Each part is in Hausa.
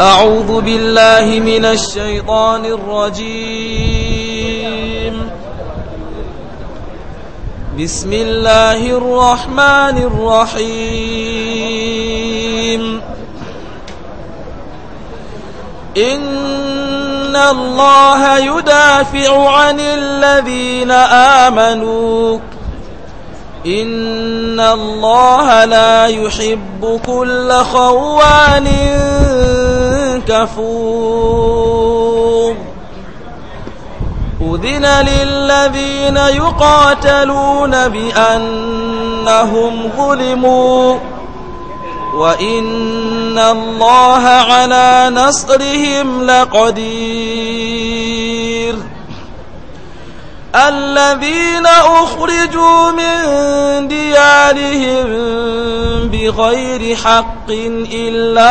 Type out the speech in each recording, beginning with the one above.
أعوذ بالله من الشيطان الرجيم بسم الله الرحمن الرحيم إن الله يدافع عن الذين آمنوا إن الله لا يحب كل خوان كفور أذن للذين يقاتلون بأنهم ظلموا وإن الله على نصرهم لقدير الذين أخرجوا من ديارهم بغير حق إلا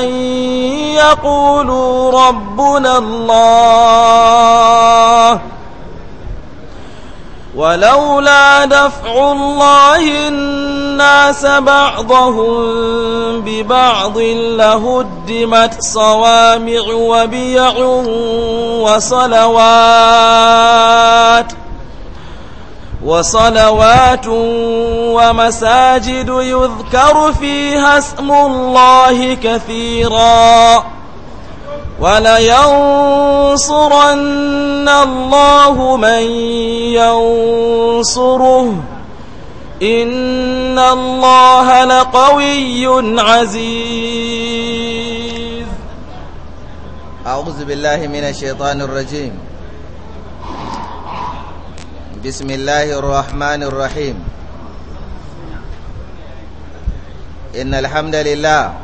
أن يقولوا ربنا الله ولولا دفع الله الناس بعضهم ببعض لهدمت صوامع وبيع وصلوات وصلوات ومساجد يذكر فيها اسم الله كثيراً ولينصرن الله من ينصره إن الله لقوي عزيز أعوذ بالله من الشيطان الرجيم بسم الله الرحمن الرحيم إن الحمد لله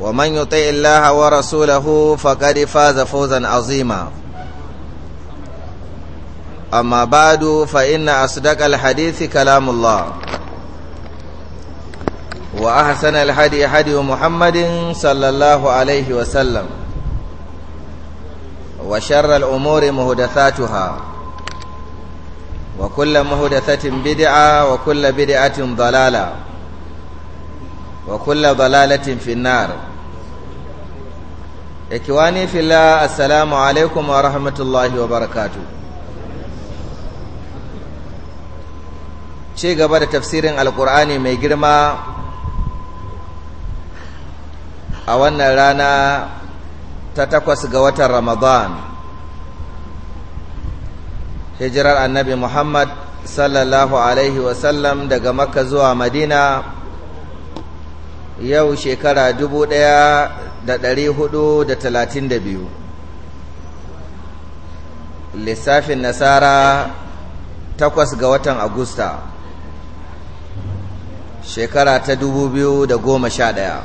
ومن يطع الله ورسوله فقد فاز فوزا عظيما أما بعد فإن أصدق الحديث كلام الله وأحسن الحدي حدي محمد صلى الله عليه وسلم وشر الأمور مهدثاتها وكل مهدثة بدعة وكل بدعة ضلالة وكل ضلالة في النار ikiwani fila assalamu alaikum wa rahmatullahi wa barakatu ci gaba da tafsirin alkur'ani mai girma a wannan rana ta takwas ga watan ramadan hijirar annabi muhammad sallallahu alaihi wasallam daga makka zuwa madina yau shekara dubu ɗaya da ɗari hudu da talatin da biyu lissafin nasara takwas ga watan agusta shekara ta dubu biyu da goma sha ɗaya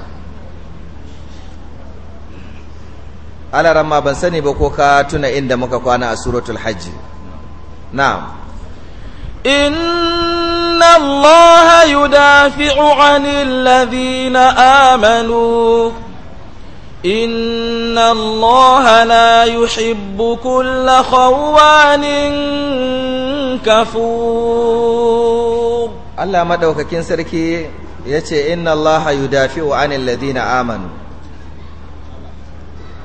ban sani ba ko ka tuna inda muka kwana a suratul hajji na'am إن الله يدافع عن الذين آمنوا إن الله لا يحب كل خوان كفور الله ما دوك كين سركي يتي إن الله يدافع عن الذين آمنوا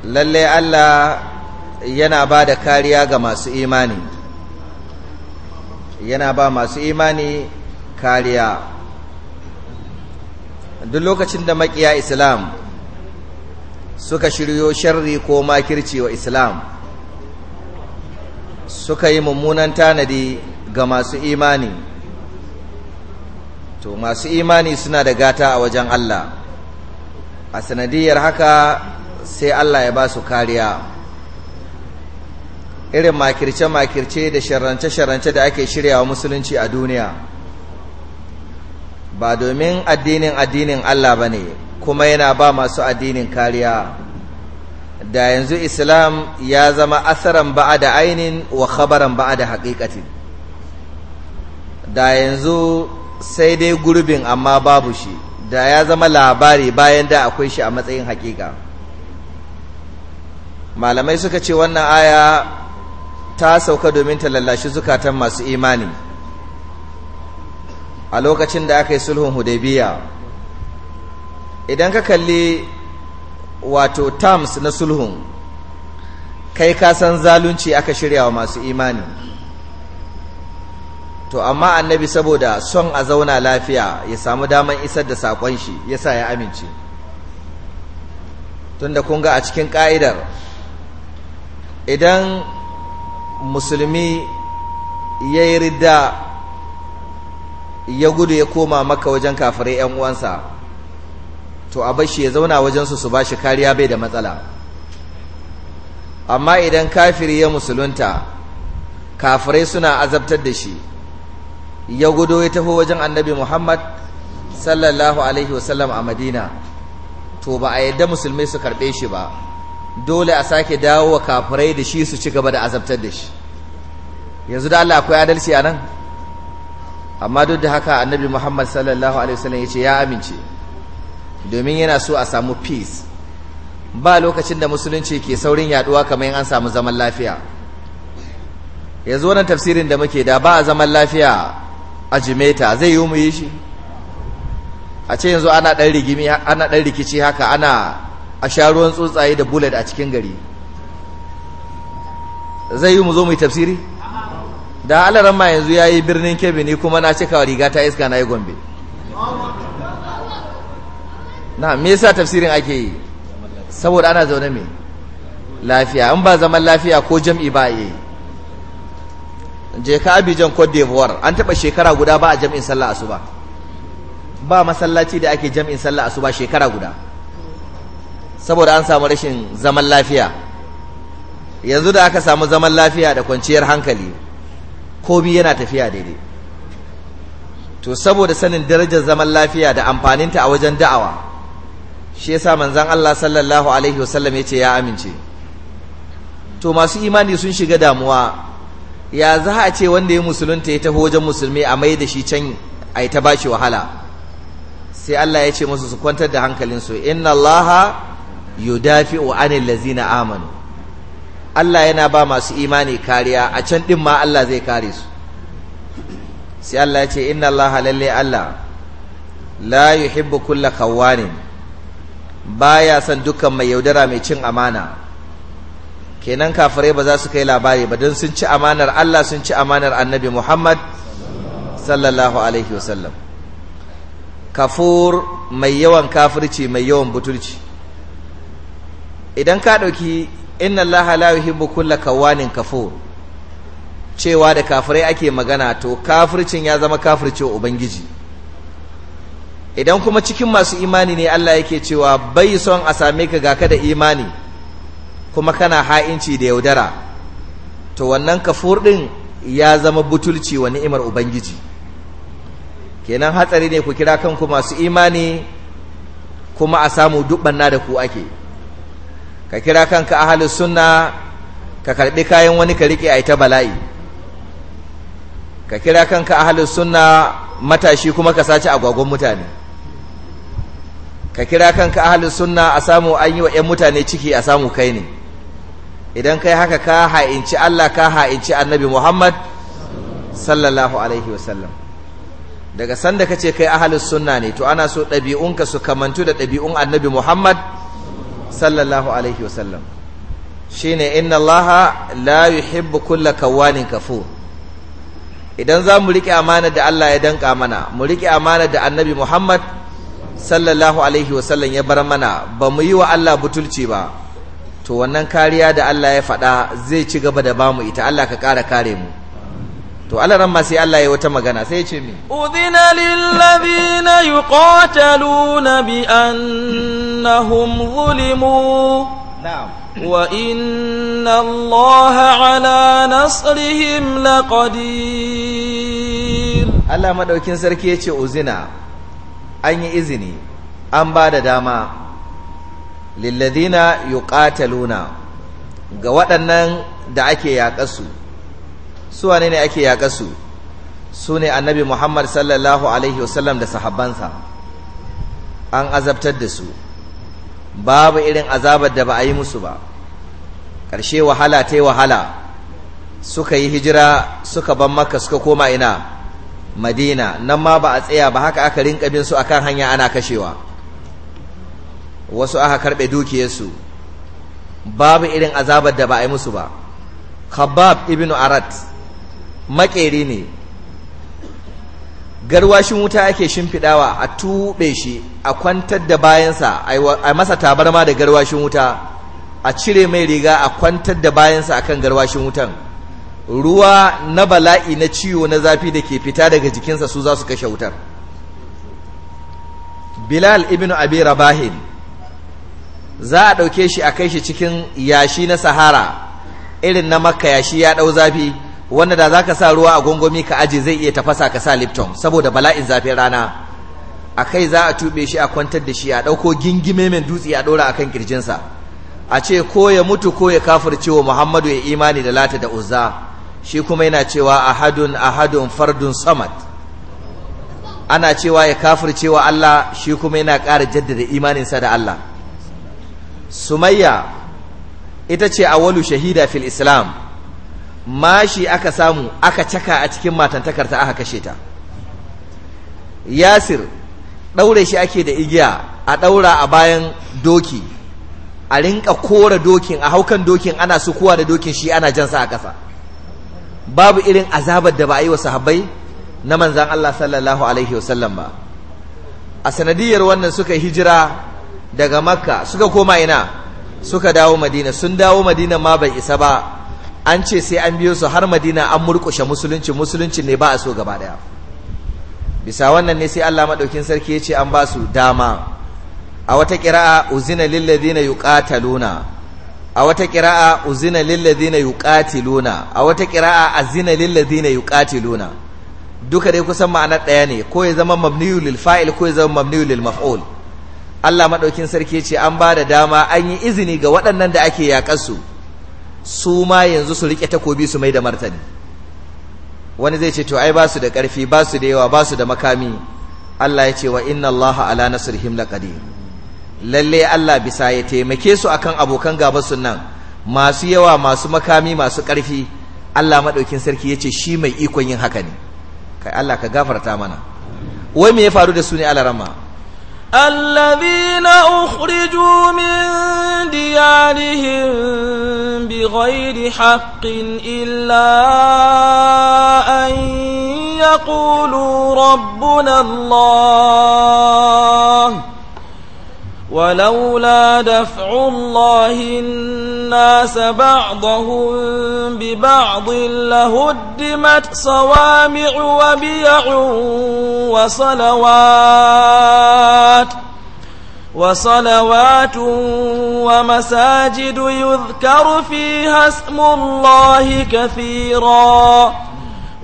للي الله yana ba da kariya ga masu imani yana ba masu imani kariya duk lokacin da makiya islam suka shiryo sharri ko makirci wa islam suka yi mummunan tanadi ga masu imani to masu imani suna da gata a wajen Allah a sanadiyar haka sai Allah ya ba su kariya irin makirce-makirce da sharrance-sharrance da ake shirya wa musulunci a duniya ba domin addinin addinin Allah ba ne kuma yana ba masu addinin kariya da yanzu islam ya zama asaran ba'a da ainin wa khabaran ba'a da haƙiƙatin da yanzu sai dai gurbin amma babu shi da ya zama labari bayan da akwai shi a matsayin haƙiƙa malamai suka ce wannan aya ta sauka domin ta lallashi zukatan masu imani a lokacin da aka yi sulhun hudaybiya idan ka kalli wato Tams na sulhun kai ka san zalunci aka shirya wa masu imani to amma annabi saboda son a zauna lafiya ya samu daman isar da sakon shi ya sa ya amince tunda kun ga a cikin ƙa'idar idan musulmi ya yi ridda ya gudu ya koma maka wajen kafirai yan uwansa to a bashi ya zauna wajen su su shi kariya bai da matsala amma idan kafiri ya musulunta kafirai suna azabtar da shi ya gudu ya taho wajen annabi Muhammad sallallahu alaihi wasallam a Madina to ba a yadda musulmai su karɓe shi ba dole a sake dawo wa kafirai da shi su ci gaba da azabtar da shi yanzu da Allah akwai adalci a nan amma duk da haka annabi muhammad sallallahu alaihi wasallam ya ce ya amince domin yana so a samu peace ba lokacin da musulunci ke saurin yaduwa kamar in an samu zaman lafiya yanzu wannan tafsirin da muke da ba a zaman lafiya a jimeta zai yi mu yi shi a ce yanzu ana ɗan rigimi ana ɗan rikici haka ana a sha ruwan tsuntsaye da bullet a cikin gari zai yi mu zo mu yi tafsiri da alaran ma yanzu ya yi birnin kebe ni kuma na cika riga ta iska na yi gombe na me yasa tafsirin ake yi saboda ana zaune me lafiya in ba zaman lafiya ko jam'i ba yi je ka abijan cote d'ivoire an taba shekara guda ba a jam'in sallah asuba ba masallaci da ake jam'in sallah asuba shekara guda saboda an samu rashin zaman lafiya yanzu da aka samu zaman lafiya da kwanciyar hankali komi yana tafiya daidai to saboda sanin darajar zaman lafiya da amfaninta a wajen da'awa shi yasa manzon Allah sallallahu alaihi wasallam yace ya amince to masu imani sun shiga damuwa ya za a ce wanda ya musulunta ya taho wajen musulmi a mai da shi can a yi ta bashi wahala sai Allah ya ce musu su kwantar da hankalinsu inna allaha yudafi'u anil lazina amanu Allah yana ba masu imani kariya a can ɗin ma Allah zai kare su sai Allah ya ce inna Allah lalle Allah la yuhibbu kulla khawanin baya san dukkan mai yaudara mai cin amana kenan kafirai ba za su kai labari ba don sun ci amanar Allah sun ci amanar annabi Muhammad sallallahu alaihi wasallam kafur mai yawan kafirci mai yawan butulci idan ka ɗauki inna Allah la yuhibbu kulla kawanin kafur cewa da kafirai ake magana to kafircin ya zama kafirce ubangiji idan kuma cikin masu imani ne Allah yake cewa bai son a same ka gaka da imani kuma kana ha'inci da yaudara to wannan kafur din ya zama butulci wa ni'imar ubangiji kenan hatsari ne ku kira kanku masu imani kuma a samu dubbanna da ku ake ka kira kanka ahalus sunna ka karbi kayan wani ka rike ai ta bala'i ka kira kanka ahalus sunna matashi kuma ka sace agwagon mutane ka kira kanka ahalus sunna a samu an yi wa 'yan mutane ciki a samu kai ne idan kai haka ka ha'inci Allah ka ha'inci annabi Muhammad sallallahu alaihi wasallam daga sanda kace kai ahlus sunna ne to ana so ɗabi'unka su kamantu da ɗabi'un annabi Muhammad sallallahu alaihi wasallam shine inna allaha la yuhibbu kulla kawanin kafu idan za mu riƙe amanar da Allah ya danka mana mu riƙe amanar da annabi Muhammad sallallahu alaihi wasallam ya bar mana ba mu yi wa Allah butulci ba to wannan kariya da Allah ya faɗa zai ci gaba da bamu ita Allah ka ƙara kare mu to alaran ma sai Allah ya wata magana sai ya ce mi udina lillazina yuqataluna bi annahum zulimu na'am wa inna allaha ala nasrihim laqadir Allah madaukin sarki yace uzina an yi izini an ba da dama lillazina yuqataluna ga waɗannan da ake yaƙasu su wane ne ake yaƙa su su ne annabi muhammad sallallahu alaihi wasallam da sahabbansa an azabtar da su babu irin azabar da ba a yi musu ba ƙarshe wahala ta yi wahala suka yi hijira suka ban maka suka koma ina madina nan ma ba a tsaya ba haka aka rinka bin su akan hanya ana kashewa wasu aka karɓe dukiyarsu babu irin azabar da ba a yi musu ba khabbab ibnu arat maƙeri ne garwashin wuta ake shimfiɗawa a tube shi a kwantar da bayansa a masa tabarma da garwashin wuta a cire mai riga a kwantar da bayansa akan garwashin wutan ruwa na bala'i na ciwo na zafi da ke fita daga jikinsa su za su kashe wutar bilal ibn abi rabahin za a ɗauke shi a kai shi cikin yashi na sahara irin na makka yashi ya ɗau zafi wanda da zaka sa ruwa a gongomi ka aje zai iya tafasa ka sa lipton saboda bala'in zafin rana a kai za a tuɓe shi a kwantar da shi a ɗauko gingime mai dutse a ɗora akan kirjinsa a ce ko ya mutu ko ya kafir cewa muhammadu ya imani da lata da uzza shi kuma yana cewa ahadun ahadun fardun samad ana cewa ya kafir cewa Allah shi kuma yana ƙara jaddada imaninsa da Allah sumayya ita ce awalu shahida fil islam mashi aka samu aka caka a cikin matantakarta aka kashe ta yasir ɗaure shi ake da igiya a ɗaura a bayan doki a rinka kora dokin a haukan dokin ana su sukuwa da dokin shi ana jansa a ƙasa babu irin azabar da ba a yi wa sahabbai na manzan Allah sallallahu alaihi wasallam ba a sanadiyar wannan suka hijira daga makka suka koma ina suka dawo madina sun dawo madina ma bai isa ba an ce sai an biyo su har madina an murkushe musulunci musulunci ne ba a so gaba daya bisa wannan ne sai Allah madaukin sarki ya ce an ba su dama a wata qira'a uzina lil ladina yuqataluna a wata qira'a uzina lil ladina yuqatiluna a wata qira'a azina lil ladina yuqatiluna duka dai kusan ma'ana ɗaya ne ko ya zama mabniyu lil fa'il ko ya zama mabniyu lil maf'ul Allah madaukin sarki ya ce an ba da dama an yi izini ga waɗannan da ake yakar su ma yanzu su rike takobi su mai da martani wani zai ce to ai ba su da ƙarfi ba su da yawa ba su da makami Allah ya ce wa inna Allah ala nasrihim laqadir lalle Allah bisa ya taimake su akan abokan gaba su nan masu yawa masu makami masu ƙarfi Allah madaukin sarki ya ce shi mai ikon yin haka ne kai Allah ka gafarta mana wai me ya faru da su ne alarama الذين أخرجوا من ديارهم بغير حق إلا أن يقولوا ربنا الله ولولا دفع الله الناس بعضهم ببعض لهدمت صوامع وبيع وصلوات ۖ وصلوات ومساجد يذكر فيها اسم الله كثيرا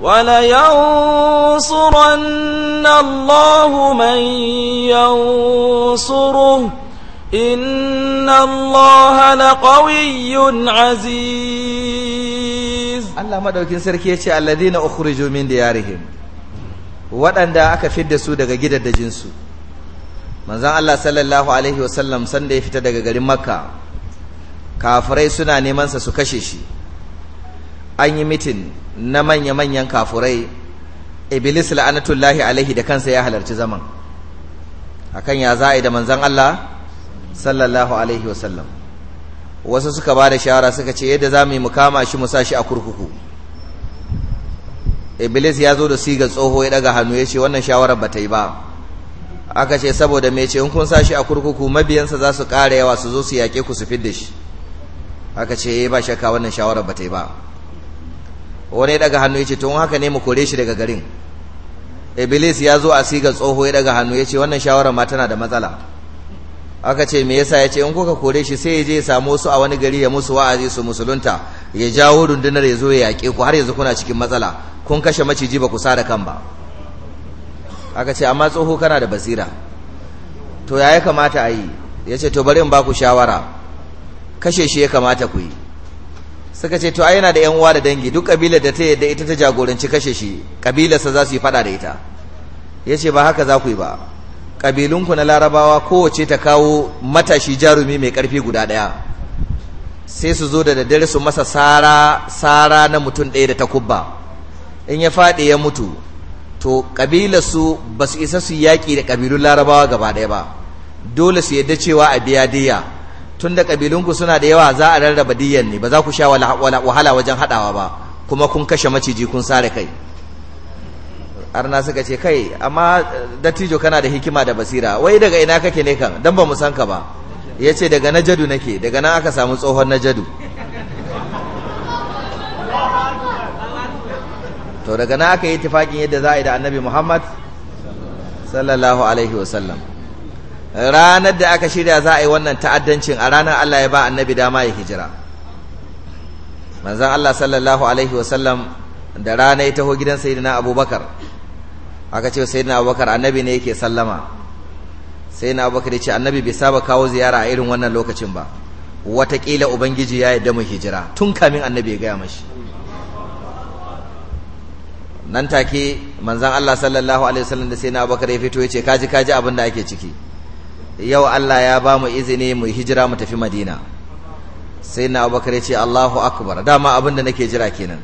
ولينصرن الله من ينصره إن الله لقوي عزيز الله مدوكين سركيتي الذين أخرجوا من ديارهم waɗanda aka fidda su daga gidajensu manzan Allah sallallahu alaihi wasallam sanda ya fita daga garin makka kafirai suna neman sa su kashe shi an yi mitin na manya-manyan kafirai iblis la'anatullahi alaihi da kansa ya halarci zaman akan ya za'i da manzan Allah sallallahu alaihi wasallam wasu suka ba da shawara suka ce yadda za mu yi mukama shi mu sa shi a kurkuku iblis ya zo da sigar tsoho ya daga hannu ya ce wannan shawarar ba ta yi ba aka ce saboda mai ce in kun sashi a kurkuku mabiyansa za su ƙara yawa su zo su yaƙe ku su fidda shi aka ce eh, ba shakka wannan shawarar ba ta yi ba wani ya daga hannu ya ce tun haka ne mu kore shi daga garin iblis ya zo a sigar tsoho ya daga hannu ya ce wannan shawarar ma tana da matsala aka ce me yasa ya ce in kuka kore shi sai ya je ya samu su a wani gari ya musu wa'azi su musulunta ya jawo rundunar ya zo ya yaƙe ku har yanzu kuna cikin matsala kun kashe maciji ba ku sa da kan ba aka ce amma tsoho kana da basira to ya kamata a yi ya ce to bari in ba ku shawara kashe shi ya kamata ku yi suka ce to a yana da yan uwa da dangi duk kabilar da ta yadda ita ta jagoranci kashe shi kabilarsa za su yi fada da ita ya ce ba haka za ku yi ba kabilunku na larabawa kowace ta kawo matashi jarumi mai karfi guda ɗaya sai su zo da daddare su masa sara sara na mutum ɗaya da ta kubba. in ya faɗi ya mutu to ƙabilarsu ba su isa su yaƙi da ƙabilun larabawa gaba ɗaya ba dole su yadda cewa a biya diya tun da ƙabilunku suna da yawa za a rarraba diyan ne ba za ku sha wahala wajen haɗawa ba kuma kun kashe maciji kun sare kai arna suka ce kai amma eh, dattijo kana da hikima da basira wai daga ina kake ne kan dan ba mu san ka ba yace daga najadu nake daga nan aka samu tsohon najadu to daga na aka yi tufaƙin yadda za a yi da annabi muhammad sallallahu alaihi wasallam ranar da aka shirya za a yi wannan ta'addancin a ranar allah ya ba annabi dama ya hijira manzan allah sallallahu alaihi wasallam da rana ya taho gidan sayidina abubakar aka ce sayidina abubakar annabi ne yake sallama sayidina abubakar ya ce annabi bai saba kawo ziyara a irin wannan lokacin ba watakila ubangiji ya yi mu hijira tun kamin annabi ya gaya mashi nan take manzan Allah sallallahu alaihi wasallam da sai na Abubakar ya fito ya yace kaji kaji abin da ake ciki yau Allah ya ba mu izini mu hijira mu tafi Madina sai na ya ce Allahu akbar dama abin da nake jira kenan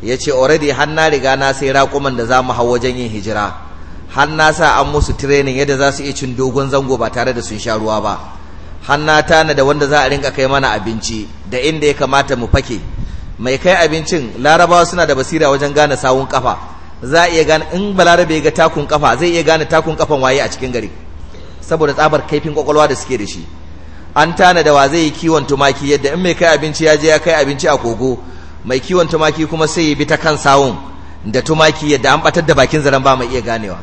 ce, already har na riga na sai raƙuman da za mu hau wajen yin hijira har na sa an musu training yadda za su iya cin dogon zango ba tare da sun sha ruwa ba har na tana da wanda za a rinka kai mana abinci da inda ya kamata mu fake mai kai abincin larabawa suna da basira wajen gane sawun kafa za a iya gane in balarabe ga takun kafa zai iya gane takun kafan waye a cikin gari saboda tsabar kaifin kwakwalwa da suke da shi an tana da wa zai yi kiwon tumaki yadda in mai kai abinci ya je ya kai abinci a kogo mai kiwon tumaki kuma sai ya bi ta kan sawun da tumaki yadda an batar da bakin zaren ba mai iya ganewa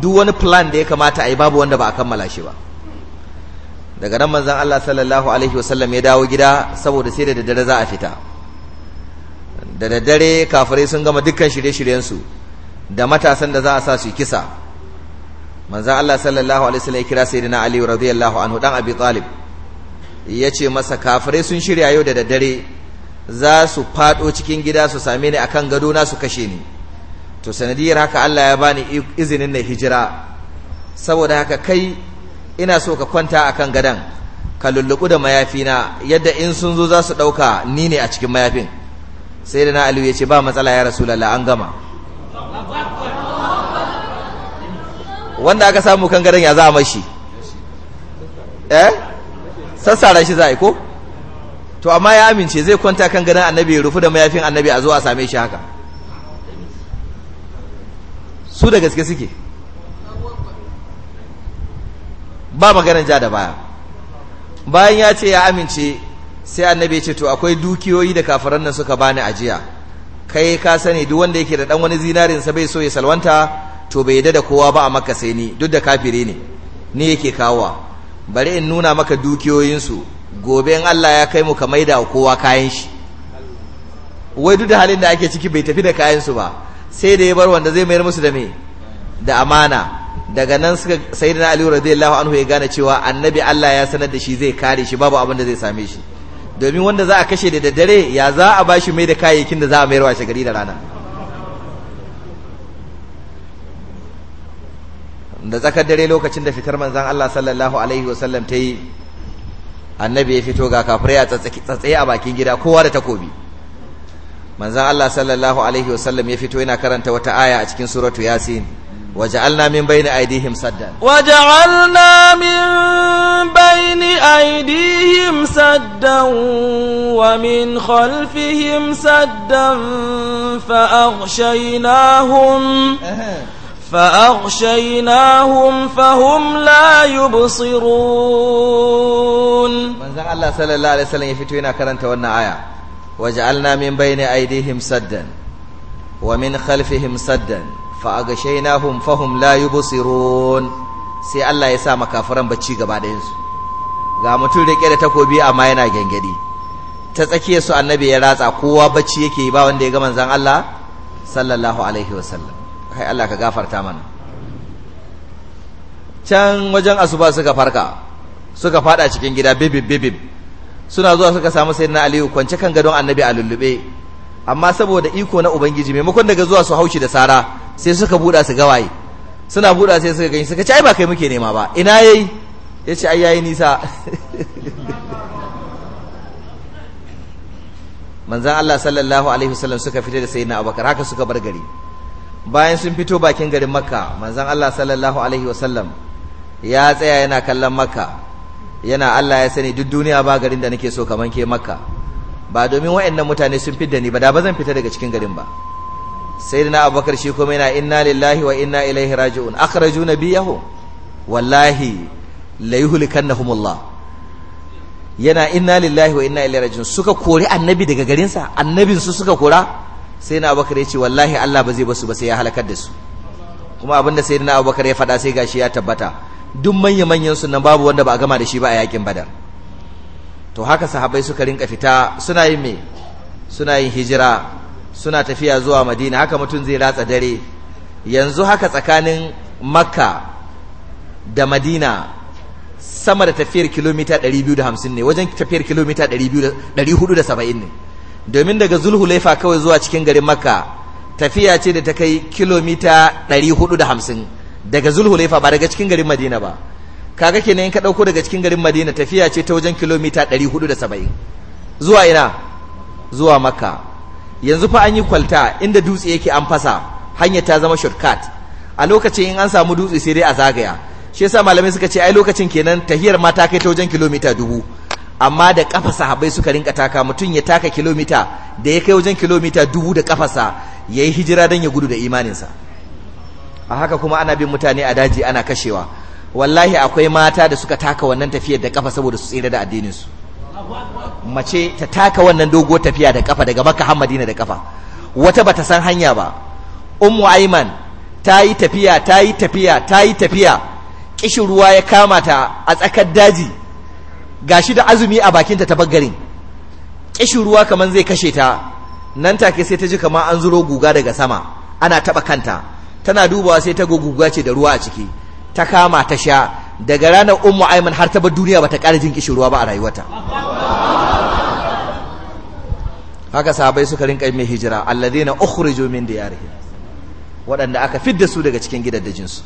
duk wani plan da ya kamata a yi babu wanda ba a kammala shi ba daga nan manzon Allah sallallahu alaihi wasallam ya dawo gida saboda sai da daddare za a fita da daddare kafirai sun gama dukkan shirye-shiryensu da matasan da za a sa su kisa manzo Allah sallallahu alaihi wasallam ya kira sayyidina Ali radiyallahu anhu dan Abi Talib yace masa kafirai sun shirya yau da daddare za su fado cikin gida su same ni akan gado na su kashe ni to sanadiyar haka Allah ya bani izinin na hijira saboda haka kai ina so ka kwanta akan gadan ka lullubu da mayafina yadda in sun zo za su dauka ni ne a cikin mayafin sai da na aliyu ya ce ba matsala ya rasulallah an gama wanda aka samu kan gadon ya za a mashi eh sassara shi za a yi ko to amma ya amince zai kwanta kan gadon annabi ya rufu da mayafin annabi a zo a same shi haka su da gaske suke ba maganin ja da baya bayan ya ce ya amince sai annabi ya ce to akwai dukiyoyi da kafiran nan suka bani ajiya kai ka sani duk wanda yake da dan wani zinarin sa bai so ya salwanta to bai yadda da kowa ba a maka sai ni duk da kafire ne ni yake kawowa bari in nuna maka dukiyoyin su gobe in Allah ya kai mu ka maida kowa kayan shi wai duk da halin da ake ciki bai tafi da kayan su ba sai da ya bar wanda zai mayar musu da me da amana daga nan suka sayyidina Ali radiyallahu anhu ya gane cewa annabi Allah ya sanar da shi zai kare shi babu abin da zai same shi domin wanda za a kashe da daddare ya za a bashi mai da kayayyakin da za a mayarwa shagari gari da rana da tsakar dare lokacin da fitar manzan Allah sallallahu alaihi wasallam ta yi annabi ya fito ga kafirai ya tsatsaye a bakin gida kowa da takobi manzan Allah sallallahu alaihi wasallam ya fito yana karanta wata aya a cikin suratu yasin وجعلنا من بين أيديهم سدا وجعلنا من بين أيديهم سدا ومن خلفهم سدا فأغشيناهم فأغشيناهم فهم لا يبصرون من زن الله صلى الله عليه وسلم يفتوين كرنت وانا آية وجعلنا من بين أيديهم سدا ومن خلفهم سدا fa na fahum la yubsirun sai Allah ya sa makafiran bacci gaba da yinsu ga mutum yake da takobi amma yana gengedi ta tsakiyar su annabi ya ratsa kowa bacci yake ba wanda ya gama zan Allah sallallahu alaihi wasallam kai Allah ka gafarta mana can wajen asuba suka farka suka fada cikin gida bibib bibib suna zuwa suka samu na aliyu kwance kan gadon annabi a lullube amma saboda iko na ubangiji maimakon daga zuwa su haushi da sara sai suka buɗa su gawaye suna buɗa sai suka gani suka ai ba kai muke nema ba ina yayi ya ce ai yayi nisa manzan Allah sallallahu alaihi wasallam suka fita da sayyidina Abubakar haka suka bar gari bayan sun fito bakin garin Makka manzan Allah sallallahu alaihi wasallam ya tsaya yana kallon Makka yana Allah ya sani duk duniya ba garin da nake so kaman ke Makka ba domin waɗannan mutane sun fidda ni ba da ba zan fita daga cikin garin ba sai sayyidina abubakar shi kuma yana inna lillahi wa inna ilaihi raji'un akhraju nabiyahu wallahi la yuhlikannahumullah yana inna lillahi wa inna ilaihi raji'un suka kore annabi daga garin sa annabin su suka kora sai sayyidina abubakar ce wallahi Allah ba zai basu ba sai ya halakar da su kuma abinda sayyidina abubakar ya faɗa sai gashi ya tabbata duk manya manyan su nan babu wanda ba a gama da shi ba a yakin badar to haka sahabbai suka rinka fita suna yin me suna yin hijira suna tafiya zuwa madina haka mutum zai ratsa dare yanzu haka tsakanin makka da madina sama da tafiyar kilomita 250 ne wajen tafiyar kilomita 470 ne domin daga zulhulaifa kawai zuwa cikin garin makka tafiya ce da ta kai kilomita 450 daga zulhulaifa ba daga cikin garin madina ba kaga kenan in ka dauko daga cikin garin madina tafiya ce ta wajen kilomita 470 zuwa ina zuwa makka yanzu fa an yi kwalta inda dutse yake an fasa hanya ta zama shortcut a lokacin in an samu dutse sai dai a zagaya shi yasa malamai suka ce ai lokacin kenan tahiyar ma ta kai ta wajen kilomita dubu amma da kafa sahabbai suka rinka taka mutum ya taka kilomita da ya kai wajen kilomita dubu da kafasa ya yi hijira don ya gudu da imaninsa a haka kuma ana bin mutane a daji ana kashewa wallahi akwai mata da suka taka wannan tafiyar da kafa saboda su tsira da addininsu mace ta taka wannan dogo tafiya da kafa daga makka har madina da kafa wata bata san hanya ba ummu aiman ta yi tafiya ta yi tafiya ta yi tafiya kishin ruwa ya kama ta a tsakar daji gashi da azumi a bakinta ta baggarin kishin ruwa kaman zai kashe ta nan take sai ta ji kamar an zuro guga daga sama ana taba kanta tana dubawa sai ta go guga ce da ruwa a ciki ta kama ta sha daga ranar ummu aiman har ta bar duniya bata ƙara jin kishin ruwa ba a rayuwarta haka sahabai suka rinka mai hijira alladhina ukhriju min diyarihim waɗanda aka da su daga cikin gidajen su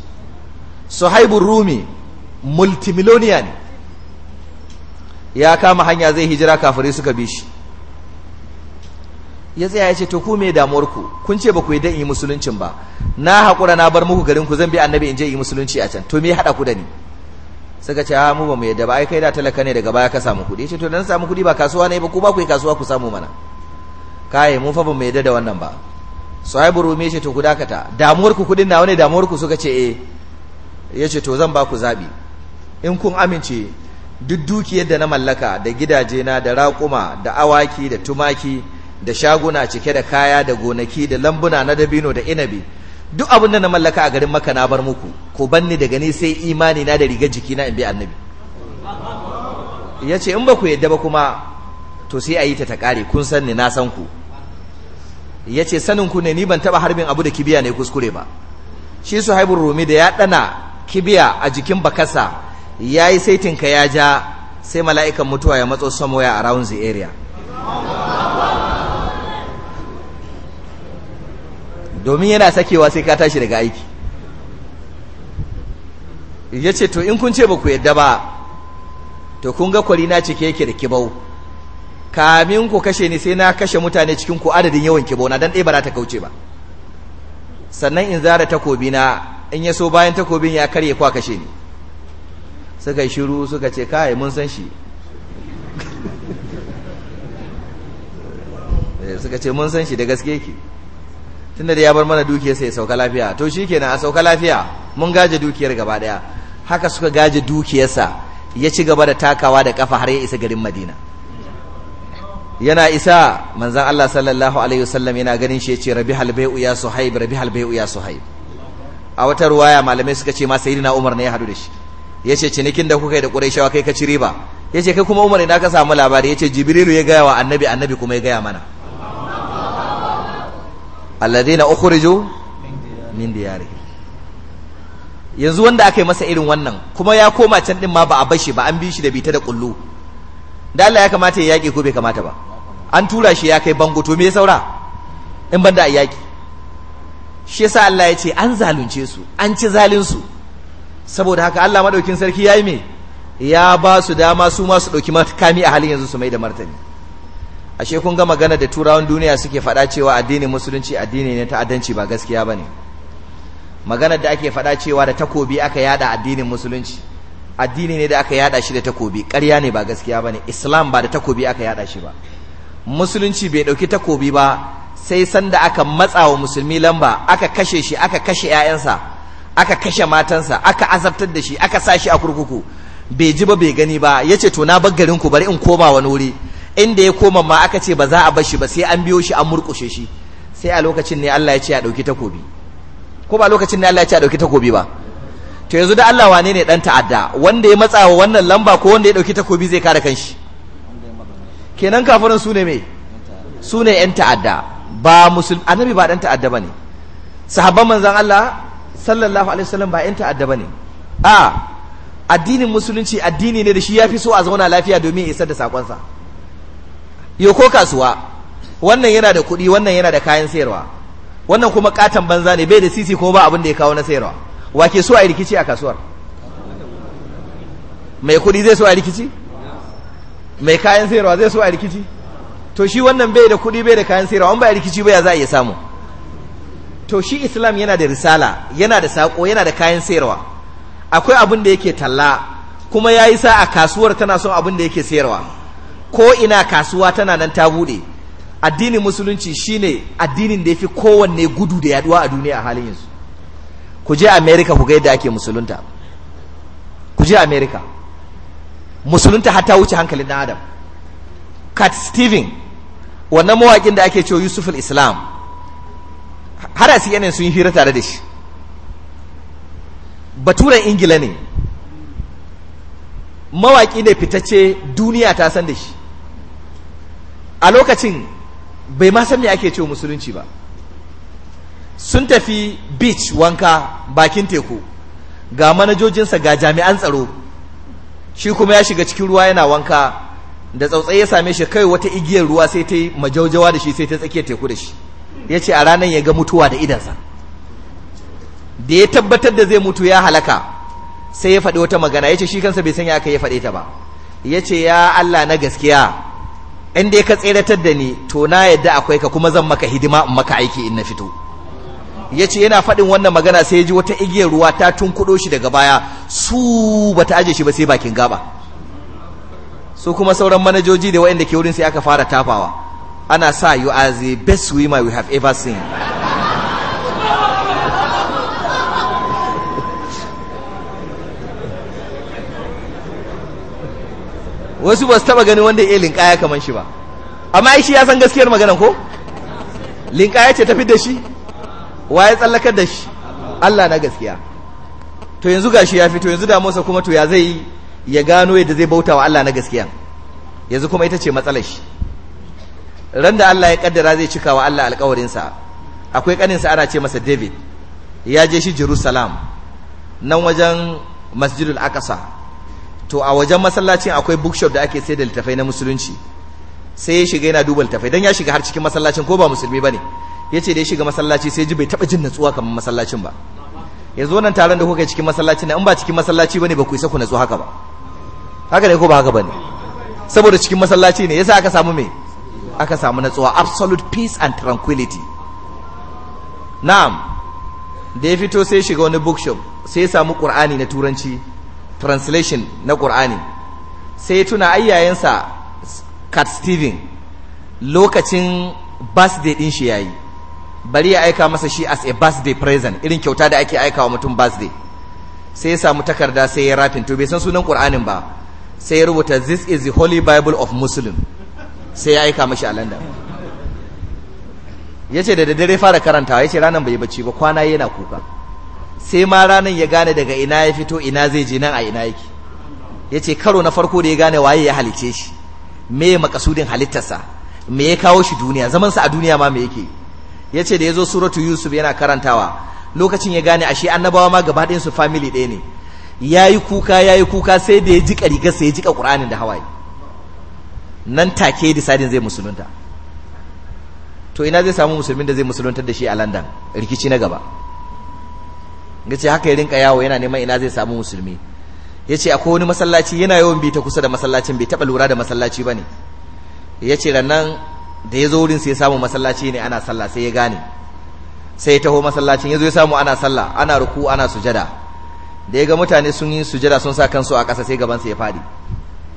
suhaibur rumi multimillionaire ne ya kama hanya zai hijira kafirai suka bi shi ya tsaya ya ce to ku mai damuwar ku kun ce ba ku yi dan yi musuluncin ba na haƙura na bar muku garin ku zan bi annabi in je yi musulunci a can to me ya haɗa ku da ni suka ce a mu ba mu yadda ba ai kai da talaka ne daga baya ka samu kuɗi ce to dan samu kuɗi ba kasuwa ne ba ku ba ku kasuwa ku samu mana kai mu fa ba mu yadda da wannan ba sahibu rumi ce to ku dakata damuwar ku kuɗin nawa ne damuwar ku suka ce eh yace to zan ba ku zabi in kun amince duk dukiyar da na mallaka da gidaje na da raƙuma da awaki da tumaki da shaguna cike da kaya da gonaki da lambuna na dabino da inabi duk abin da na mallaka a garin maka na bar muku ko banni daga ni sai imani na da rigar jiki na in bi annabi ya ce in ba ku yadda ba kuma to sai a yi ta ta kare kun san ni na san ku ya ce sanin ku ne ni ban taba harbin abu da kibiya ne kuskure ba shi su haibun rumi da ya dana kibiya a jikin bakasa ya yi saitinka ya ja sai mala'ikan mutuwa ya matso samoya a round area domin yana sakewa sai ka tashi daga aiki ya ce to in kun ce ba ku yadda ba to kun ga kwari na cike yake da kibau kamin ku kashe ni sai na kashe mutane cikin ku adadin yawan kibau na dan ɗaya ba ta kauce ba sannan in zara takobi na in ya so bayan takobin ya karye kwa kashe ni suka yi shiru suka ce kai mun san shi eh, suka ce mun san shi da gaske ki tunda da ya bar mana dukiyar sai sauka lafiya to shikenan a sauka lafiya mun gaje dukiyar gaba daya haka suka gaje dukiyarsa ya ci gaba da takawa da kafa har ya isa garin Madina yana isa manzon Allah sallallahu alaihi wasallam yana ganin shi yace rabihal bai'u ya suhaib rabihal bai'u ya suhaib a wata ruwaya malamai suka ce ma sayyidina Umar ne ya hadu da shi yace cinikin da kuka yi da Qurayshawa kai ka ci riba yace kai kuma Umar idan ka samu labari yace Jibrilu ya gaya wa annabi annabi kuma ya gaya mana alladhina ukhriju min diyari, yanzu wanda aka yi masa irin wannan kuma ya koma can din ma ba a bashi ba an bi shi da bita da kullu da Allah ya kamata ya yaki ko bai kamata ba an tura shi ya kai bango to me ya saura in banda a yaki shi yasa Allah ya ce an zalunce su an ci zalin su saboda haka Allah madaukin sarki yayi me ya ba su dama su ma su dauki makami a halin yanzu su mai da martani ashe kun ga magana da turawan duniya suke faɗa cewa addinin musulunci addini ne ta'addanci ba gaskiya bane magana da ake faɗa cewa da takobi aka yada addinin musulunci addini ne da aka yada shi da takobi ƙarya ne ba gaskiya bane islam ba da takobi aka yada shi ba musulunci bai ɗauki takobi ba sai sanda aka matsa wa musulmi lamba aka kashe shi aka kashe 'ya'yansa aka kashe matansa aka azabtar da shi aka sa shi a kurkuku bai ji ba bai gani ba yace to na bar garin ku bari in koma wani wuri inda ya koma ma aka ce ba za a bashi ba sai an biyo shi an murkushe shi sai a lokacin ne Allah ya ce a dauki takobi ko ba lokacin ne Allah ya ce a dauki takobi ba to yanzu da Allah wane ne dan ta'adda wanda ya matsa wa wannan lamba ko wanda ya dauki takobi zai kare kanshi kenan kafirin su ne me su ne yan ta'adda ba musulmi annabi ba dan ta'adda bane sahabban manzon Allah sallallahu alaihi wasallam ba yan ta'adda bane a addinin musulunci addini ne da shi yafi so a zauna lafiya domin ya isar da sakonsa sa yau ko kasuwa wannan yana da kuɗi wannan yana da kayan sayarwa wannan kuma katon banza ne bai da sisi ko ba abin da ya kawo na sayarwa wa ke so a rikici a kasuwar mai kuɗi zai so a rikici mai kayan sayarwa zai so a rikici to shi wannan bai da kuɗi bai da kayan sayarwa an ba a rikici ba ya za a iya samu to shi islam yana da risala yana da sako yana da kayan sayarwa akwai abin da yake talla kuma ya yi sa a kasuwar tana son abin da yake sayarwa ko ina kasuwa tana nan ta bude addinin musulunci shine addinin da yafi kowanne gudu da yaduwa a duniya a halin yanzu ku je america ku ga yadda ake musulunta ku je america musulunta har ta wuce hankalin dan adam kat steven wannan mawaƙin da ake cewa yusuf islam har a cnn sun yi hira tare da shi baturen ingila ne mawaƙi ne fitacce duniya ta san da shi a lokacin bai ma san me ake cewa musulunci ba sun tafi beach wanka bakin teku ga manajojinsa ga jami'an tsaro shi kuma ya shiga cikin ruwa yana wanka da tsautsai ya same shi kai wata igiyar ruwa sai ta yi majaujawa da shi sai ta tsakiyar teku da shi ya ce a ranar ya ga mutuwa da idansa da ya tabbatar da zai mutu ya halaka sai ya faɗi wata magana ya ce shi kansa bai sanya aka ya faɗe ta ba ya ce ya Allah na gaskiya in dai ka tseratar da ni to na yadda akwai ka kuma zan maka hidima in maka aiki in na fito ya ce yana faɗin wannan magana sai ya ji wata igiyar ruwa ta tunkuɗo shi daga baya su ba ta aje shi ba sai bakin gaba su kuma sauran manajoji da waɗanda ke wurin sai aka fara tafawa ana sa you are the best swimmer we have ever seen wasu ba su taba gani wanda ya linkaya kamar shi ba amma shi ya san gaskiyar magana ko linkaya ce tafi da shi wa ya tsallakar da shi Allah na gaskiya to yanzu gashi ya fito yanzu damuwarsa kuma to ya zai ya gano yadda zai bauta wa Allah na gaskiya yanzu kuma ita ce matsalar shi ran da Allah ya kaddara zai cika wa Allah sa akwai kanin sa ana ce masa David ya je shi Jerusalem nan wajen Masjidul Aqsa to a wajen masallacin akwai bookshop da ake sai da littafai na musulunci sai ya shiga yana duba littafai don ya shiga har cikin masallacin ko ba musulmi ba ne ya ce da ya shiga masallaci sai ji bai taɓa jin natsuwa kamar masallacin ba yanzu wannan taron da kuka cikin masallaci na in ba cikin masallaci ba ne ba ku isa ku natsu haka ba haka ne ko ba haka ba ne saboda cikin masallaci ne yasa aka samu me aka samu natsuwa absolute peace and tranquility na'am da ya fito sai shiga wani bookshop sai ya samu qur'ani na turanci translation na ƙur'ani sai ya tuna ayyayensa cat steven lokacin birthday ɗin shi yayi bari ya aika masa shi as a birthday present irin kyauta da ake aika wa mutum birthday sai ya samu takarda sai ya rafin to bai san sunan ƙur'anin ba sai ya rubuta this is the holy bible of muslim sai ya aika mashi a london ya ce da daddare fara karantawa ya ce ranar bai bacci ba kwana yana kuka sai ma ranar ya gane daga ina ya fito ina zai je nan a ina yake ya ce karo na farko da ya gane waye ya halice shi me ya makasudin halittarsa me ya kawo shi duniya zamansa a duniya ma me yake ya ce da ya zo suratu yusuf yana karantawa lokacin ya gane ashe annabawa ma gaba ɗayan su family ɗaya ne ya yi kuka ya yi kuka sai da ya jiƙa sai ya jiƙa ƙuranin da hawaye nan take disadin zai musulunta to ina zai samu musulmin da zai musuluntar da shi a landan rikici na gaba ce haka ya rinka yawo yana neman ina zai samu musulmi ya ce akwai wani masallaci yana yawan bi ta kusa da masallacin bai taba lura da masallaci ba ya ce rannan da ya zo wurin sai ya samu masallaci ne ana sallah sai ya gane sai ya taho masallacin ya zo ya samu ana sallah ana ruku ana sujada da ya ga mutane sun yi sujada sun sa kansu a ƙasa sai gabansa ya fadi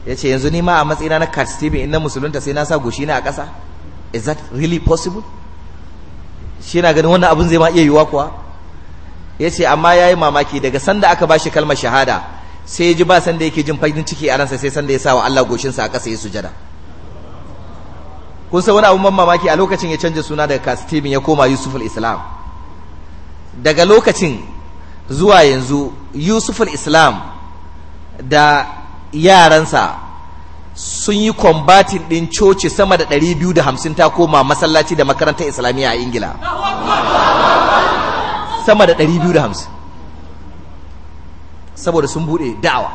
ya ce yanzu ni ma a matsayina na cat steven in na musulunta sai na sa goshi na a ƙasa is that really possible shi na ganin wannan abin zai ma iya yiwuwa kuwa ya ce amma ya yi mamaki daga sanda aka ba shi kalmar shahada sai ya ji ba sanda yake jin farin ciki a ransa sai sanda ya sa wa Allah goshinsa a ƙasa ya sujada kun san wani abu ban mamaki a lokacin ya canja suna daga Kastimin ya koma Yusuf al-Islam daga lokacin zuwa yanzu Yusuf al-Islam da yaransa sun yi kwambatin ɗin coci sama da 250 ta koma masallaci da makarantar islamiyya a Ingila sama da 250 saboda sun bude da'awa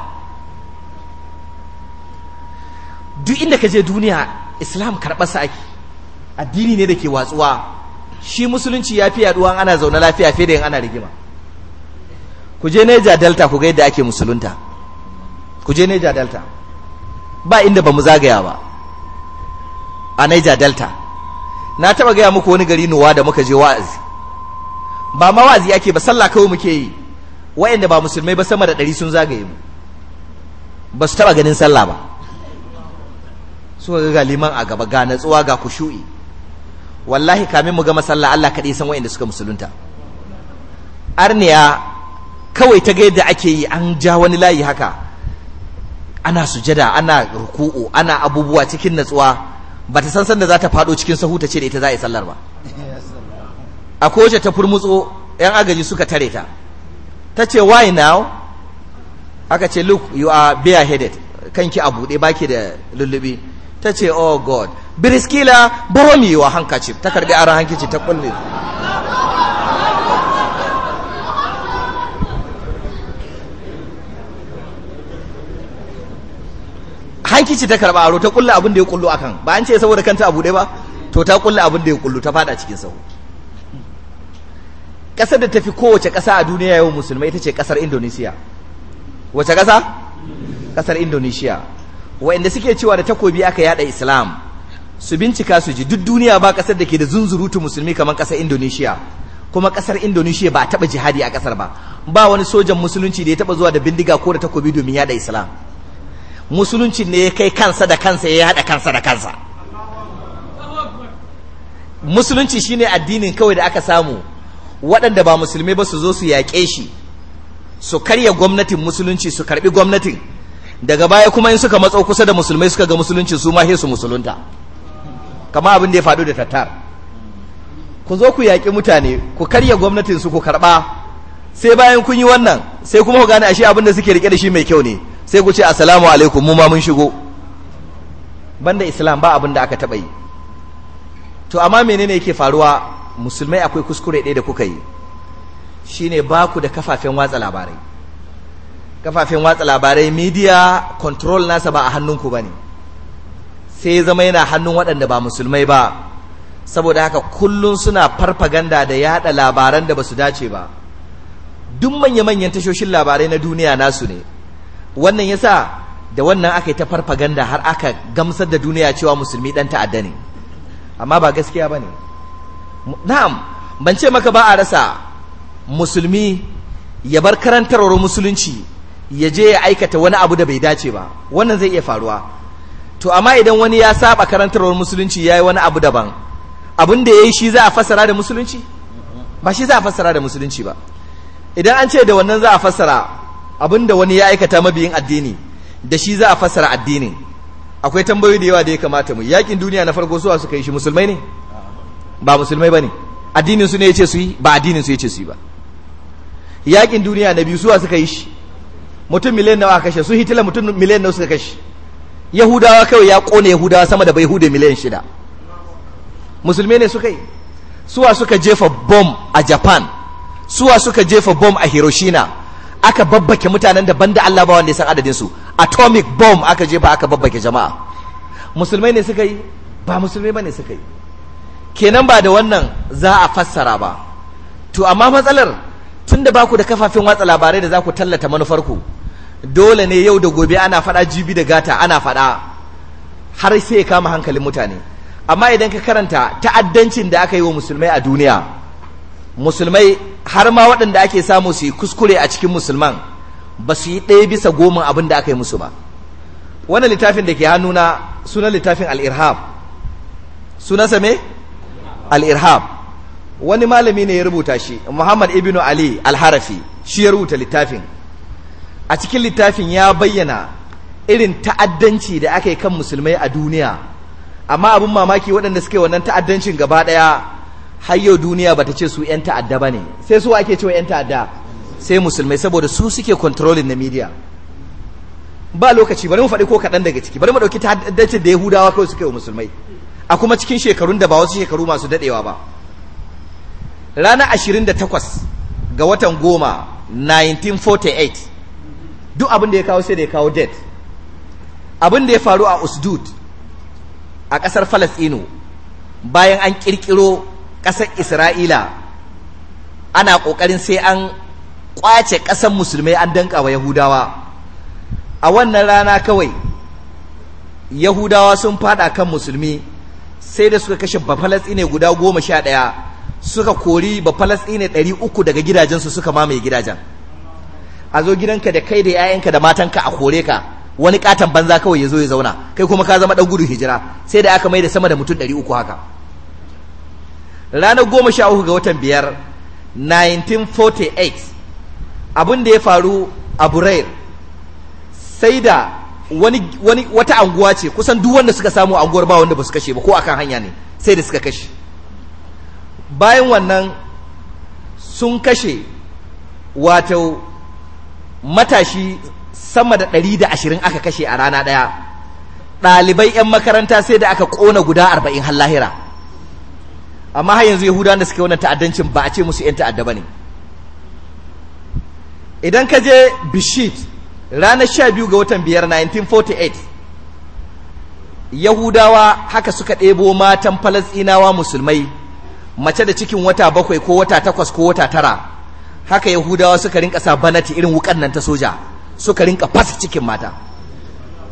duk inda ka je duniya islam karɓarsa ake addini ne da ke watsuwa shi musulunci ya fi yaduwa ana zaune lafiya fiye da yin ana rigima ku je neja delta ku ga yadda ake musulunta ku je neja delta ba inda ba mu zagaya ba a neja delta na taba gaya muku wani gari nuwa da muka je wa'azi ba mawazi ake ba sallah kawai muke yi waɗanda ba musulmai ba sama da ɗari sun zagaye mu ba su taɓa ganin sallah ba su ga liman a gaba ga natsuwa ga kushu'i wallahi kamin mu gama sallah Allah kaɗai san waɗanda suka musulunta arniya kawai ta ga yadda ake yi an ja wani layi haka ana sujada ana ruku'u ana abubuwa cikin natsuwa ba ta san sanda za ta faɗo cikin sahu ta ce da ita za a yi sallar ba a kowace ta furmutso yan agaji suka tare ta ta ce why now aka ce look you are bare headed kanki a bude baki da lullubi ta ce oh god briskila borrow wa your handkerchief ta karbi aron hankici ta kulle hankici ta karba aro ta kulle abin da ya kullu akan ba an ce saboda kanta a bude ba to ta kulle abin da ya kullu ta fada cikin sahu ƙasar da tafi kowace ƙasa a duniya yau musulmai ita ce ƙasar indonesiya wace ƙasa ƙasar indonesiya wa'inda suke cewa da takobi aka yada islam su bincika su ji duk duniya ba ƙasar da ke da zunzurutu musulmi kamar ƙasar indonesiya kuma ƙasar indonesiya ba a taɓa jihadi a ƙasar ba ba wani sojan musulunci da ya taɓa zuwa da bindiga ko da takobi domin yada islam musulunci ne ya kai kansa da kansa ya yada kansa da kansa musulunci shine addinin kawai da aka samu waɗanda ba musulmi ba su zo su yaƙe shi su karya gwamnatin musulunci su karɓi gwamnatin daga baya kuma in suka matso kusa da musulmai suka ga musulunci su ma su musulunta kama abin da ya faɗo da tattar ku zo ku yaƙi mutane ku karya gwamnatin su ku karɓa sai bayan kun yi wannan sai kuma ku gane ashe abin da suke rike da shi mai kyau ne sai ku ce assalamu alaikum mu ma mun shigo banda islam ba abin da aka taɓa yi to amma menene yake faruwa musulmai akwai kuskure ɗaya da kuka yi shine ba ku da kafafen watsa labarai kafafen watsa labarai media control nasa ba a hannunku ba ne sai zama yana hannun waɗanda ba musulmai ba saboda haka kullum suna farfaganda da yaɗa labaran da ba su dace ba duk manya-manyan tashoshin labarai na duniya nasu ne wannan yasa da wannan aka yi ta farfaganda har aka gamsar da duniya cewa musulmi ɗan ta'adda ne amma ba gaskiya ba ne na'am ban ce maka ba a rasa musulmi ya bar karantarwar musulunci ya je ya aikata wani abu da bai dace ba wannan zai iya faruwa to amma idan wani ya saba karantarwar musulunci ya yi wani abu daban abin da ya yi shi za a fassara da musulunci ba shi za a fassara da musulunci ba idan an ce da wannan za a fassara abin da wani ya aikata mabiyin addini da shi za a fassara addinin akwai tambayoyi da yawa da ya kamata mu yakin duniya na farko suwa suka yi shi musulmai ne ba musulmai ne, addinin su ne ya ce su yi ba addinin su ce su yi ba yakin duniya na biyu suwa suka yi shi mutum miliyan nawa kashe su hitila mutum miliyan nawa suka kashe yahudawa kawai ya kone yahudawa sama da bai hude miliyan shida musulmai ne suka yi suwa suka jefa bom a japan suwa suka jefa bom a hiroshima aka babbake mutanen da banda allah ba wanda ya san adadin su atomic bomb aka jefa aka babbake jama'a musulmai ne suka yi ba musulmai ba ne suka yi kenan ba da wannan za a fassara ba to amma matsalar tun da ba ku da kafafen watsa labarai da za ku tallata manufarku dole ne yau da gobe ana faɗa jibi da gata ana faɗa har sai ya kama hankalin mutane amma idan ka karanta ta'addancin da aka yi wa musulmai a duniya musulmai har ma waɗanda ake samu su yi kuskure a cikin musulman ba su yi ɗaya bisa goma abin da aka yi musu ba wannan littafin da ke hannuna sunan littafin al'irhab sunansa me al-irhab wani malami ne ya rubuta shi Muhammad ibn Ali al-Harafi shi ya rubuta littafin a cikin littafin ya bayyana irin ta'addanci da aka yi kan musulmai a duniya amma abin mamaki waɗanda suke wannan ta'addancin gaba ɗaya har yau duniya ba ta ce su 'yan ta'adda ba ne sai su ake cewa 'yan ta'adda sai musulmai saboda su suke controlling na media ba lokaci bari mu faɗi ko kaɗan daga ciki bari mu ɗauki ta'addancin da yahudawa kawai suke wa musulmai a kuma cikin shekarun da ba wasu shekaru masu dadewa ba ranar 28 ga watan goma 1948 duk abin da ya kawo sai da ya kawo det abin da ya faru a usdud a ƙasar falasino bayan an ƙirƙiro ƙasar isra'ila ana ƙoƙarin sai an ƙwace ƙasar musulmai an danka wa yahudawa a wannan rana kawai yahudawa sun fada kan musulmi sai da suka kashe bafalastine guda goma sha ɗaya suka kori ne ɗari uku daga gidajensu suka mamaye gidajen a zo gidanka da kai da 'ya'yanka da matanka a kore ka wani katon banza kawai ya zo ya zauna kai kuma ka zama ɗan gudu hijira sai da aka mai da sama da mutum ɗari uku haka ranar goma sha uku ga watan biyar 1948 abin da ya faru a burair sai da wani wani wata anguwa ce kusan duk wanda suka samu anguwar ba wanda ba su kashe ba ko akan hanya ne sai da suka kashe bayan wannan sun kashe wato matashi sama da ɗari da ashirin aka kashe a rana ɗaya ɗalibai 'yan makaranta sai da aka ƙona guda arba'in hallahira amma har yanzu yahuda da suke wannan ta'addancin ba a ce musu 'yan ta'adda ba ne idan ka je bishit ranar biyu ga watan biyar 1948 yahudawa haka suka ɗebo matan falasɗinawa musulmai mace da cikin wata bakwai ko wata takwas ko wata tara haka yahudawa suka rinka sa banati irin wukan nan ta soja suka rinka fasa cikin mata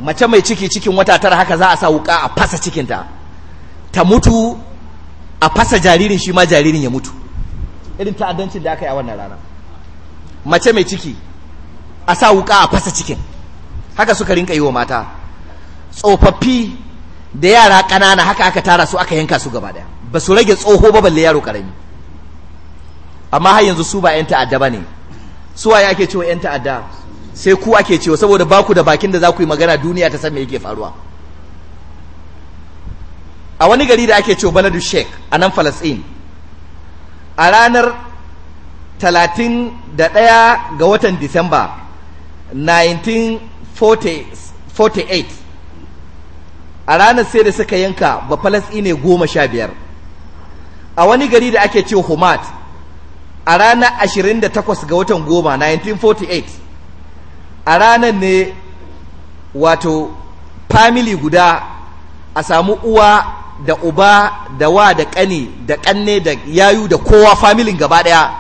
mace mai ciki cikin wata tara haka za a sa wuka a fasa cikinta ta mutu a fasa jaririn shi ma jaririn ya mutu irin ta'addancin da aka yi a wannan rana mace mai ciki a sa wuka a fasa cikin haka suka rinka yi wa mata tsofaffi da yara ƙanana haka aka tara su aka yanka su gaba daya ba su rage tsoho ba balle yaro ƙarami amma har yanzu su ba 'yan ta'adda ba ne su waye ake cewa 'yan ta'adda sai ku ake cewa saboda baku da bakin da za ku yi magana duniya ta san me yake faruwa a wani gari da ake cewa baladu sheik a nan falasɗin a ranar 31 ga watan disamba 1948 a ranar sai da suka yanka ba ne goma sha biyar a wani gari da ake ce humat a ranar 28 ga watan goma 1948 a ranar ne wato famili guda a samu uwa da uba da wa da ƙani da ƙanne da yayu da kowa familin gaba ɗaya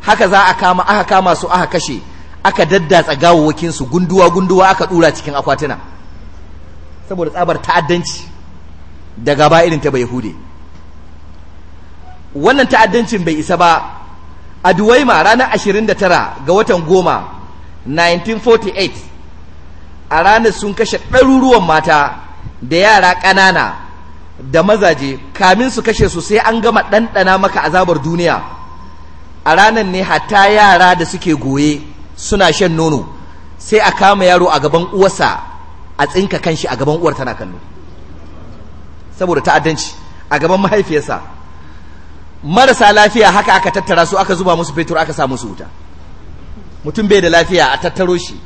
haka za a kama aka kama su aka kashe aka daddatsa gawawwakinsu gunduwa gunduwa aka dura cikin akwatuna saboda tsabar ta'addanci da gaba irin ta bai hude wannan ta'addancin bai isa ba a duwaima ranar 29 ga watan goma 1948 a ranar sun kashe ɗaruruwan mata da yara ƙanana da mazaje kamin su kashe su sai an gama ɗanɗana maka azabar duniya a ranar ne hatta yara da suke goye suna shan nono sai a kama yaro a gaban uwarsa a tsinka kanshi a gaban uwar tana kallo saboda ta'addanci a gaban mahaifiyarsa marasa lafiya haka aka tattara su aka zuba musu fetur aka sa musu wuta mutum bai da lafiya a tattaro shi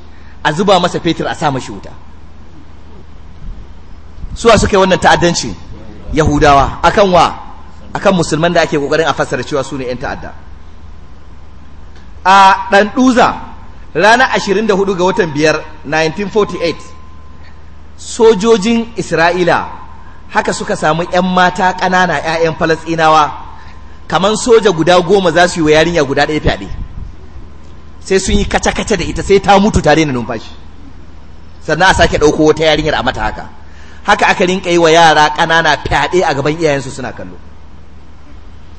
a zuba masa fetur a sa mashi wuta suwa suka yi wannan ta'addanci yahudawa akan wa akan musulman da ake kokarin a fassara cewa su ne 'yan ta'adda a ɗanɗuza ranar 24 ga watan biyar 1948 sojojin isra'ila haka suka samu 'yan mata ƙanana 'ya'yan falasinawa kamar soja guda goma za su yi wa yarinya guda ɗaya fyaɗe sai sun yi kaca-kaca da ita sai ta mutu tare da numfashi sannan a sake ɗauko wata yarinyar a mata haka haka aka rinka yi wa yara ƙanana fyaɗe a gaban iyayensu suna kallo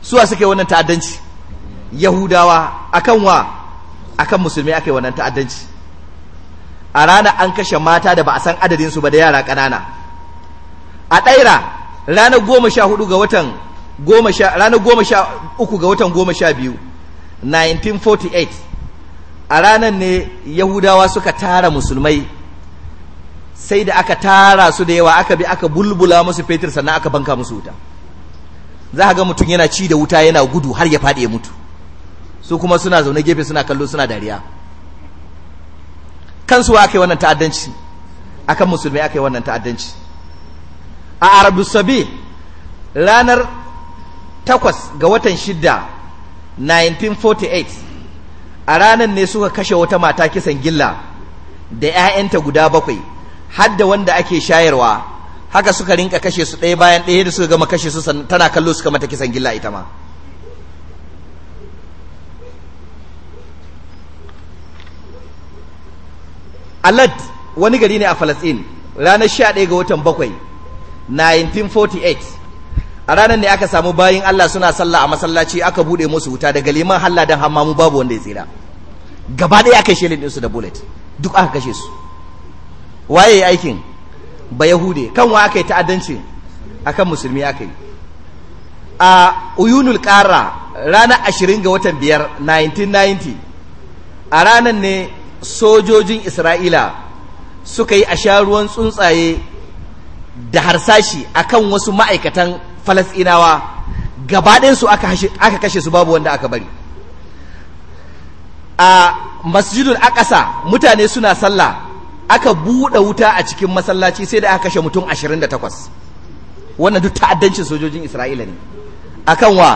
suwa suke wannan ta'addanci yahudawa akan wa akan musulmi aka yi wannan ta'addanci a rana an kashe mata da ba a san adadin su ba da yara ƙanana a ɗaira ranar goma sha hudu ga watan goma sha ranar goma sha uku ga watan goma sha biyu 1948 a ranar ne yahudawa suka tara musulmai sai da aka tara su da yawa aka bi aka bulbula musu fetur sannan aka banka musu wuta za ga mutum yana ci da wuta yana gudu har ya faɗi ya mutu su kuma suna zaune gefe suna kallo suna dariya kansu wa aka yi wannan ta'addanci akan musulmi aka yi wannan ta'addanci a arabu sabi ranar 8 ga watan 6 1948 a ranar ne suka kashe wata mata kisan gilla da 'ya'yanta guda bakwai hadda wanda ake shayarwa haka suka rinka kashe su ɗaya bayan ɗaya da suka gama kashe su tana kallo suka mata kisan gilla ita ma alad wani gari ne a falasɗin ranar 11 ga watan bakwai 1948 a ranar ne aka samu bayin Allah suna sallah a masallaci aka buɗe musu wuta daga liman halla don hammamu babu wanda ya tsira gaba ɗaya aka shelin ɗinsu da bullet duk aka kashe su waye aikin ba yahude kan wa aka yi ta'addanci akan musulmi aka yi a uyunul ƙara ranar 20 ga watan 5 1990 a ranar ne sojojin isra'ila suka yi a sha ruwan tsuntsaye da harsashi akan wasu ma'aikatan falasinawa gabaɗinsu aka kashe su babu wanda aka bari a masjidul akasa mutane suna sallah aka buɗe wuta a cikin masallaci sai da aka kashe mutum 28 wannan duk ta'addancin sojojin isra'ila ne akan wa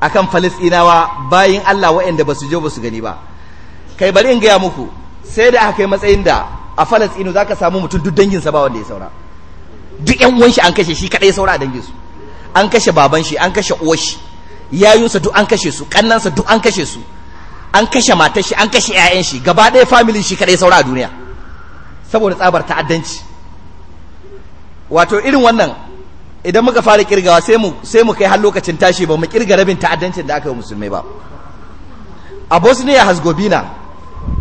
akan falasinawa bayan allah waɗanda ba su je ba su gani ba kai bari in gaya muku sai da aka kai matsayin da a falastinu za ka samu mutum duk danginsa ba wanda ya saura duk yan uwan shi an kashe shi kadai saura a dangin su an kashe baban shi an kashe uwar shi yayunsa duk an kashe su kannansa duk an kashe su an kashe matar shi an kashe ƴaƴan shi gaba ɗaya family shi kadai saura a duniya saboda tsabar ta'addanci wato irin wannan idan muka fara kirgawa sai mu sai mu kai har lokacin tashi ba mu kirga rabin ta'addancin da aka yi musulmai ba a Bosnia Herzegovina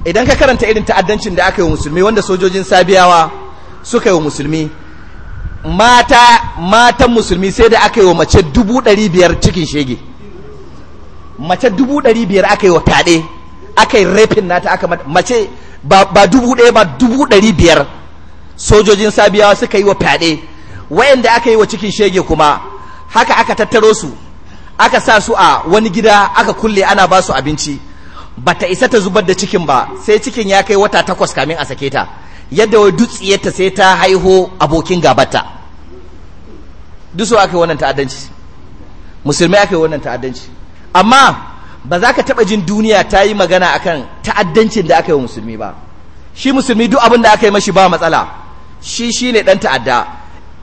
idan ka karanta irin ta'addancin da aka yi wa musulmi wanda sojojin sabiyawa suka yi wa musulmi mata matan musulmi sai da aka yi wa mace dubu ɗari biyar cikin shege mace dubu ɗari biyar aka yi wa fyaɗe aka yi rafin nata aka mace ba dubu ɗaya ba dubu ɗari biyar sojojin sabiyawa suka yi wa fyaɗe da aka yi wa cikin shege kuma haka aka tattaro su aka sa su a wani gida aka kulle ana ba su abinci ba ta isa ta zubar da cikin ba sai cikin ya kai wata takwas kamin a sake ta yadda wai dutsiyarta sai ta haiho abokin gabata duso aka yi wannan ta'addanci musulmai aka yi wannan ta'addanci amma ba za ka taɓa jin duniya ta yi magana akan ta'addancin da aka yi wa musulmi ba shi musulmi duk abin da aka yi mashi ba matsala shi shi ne ɗan ta'adda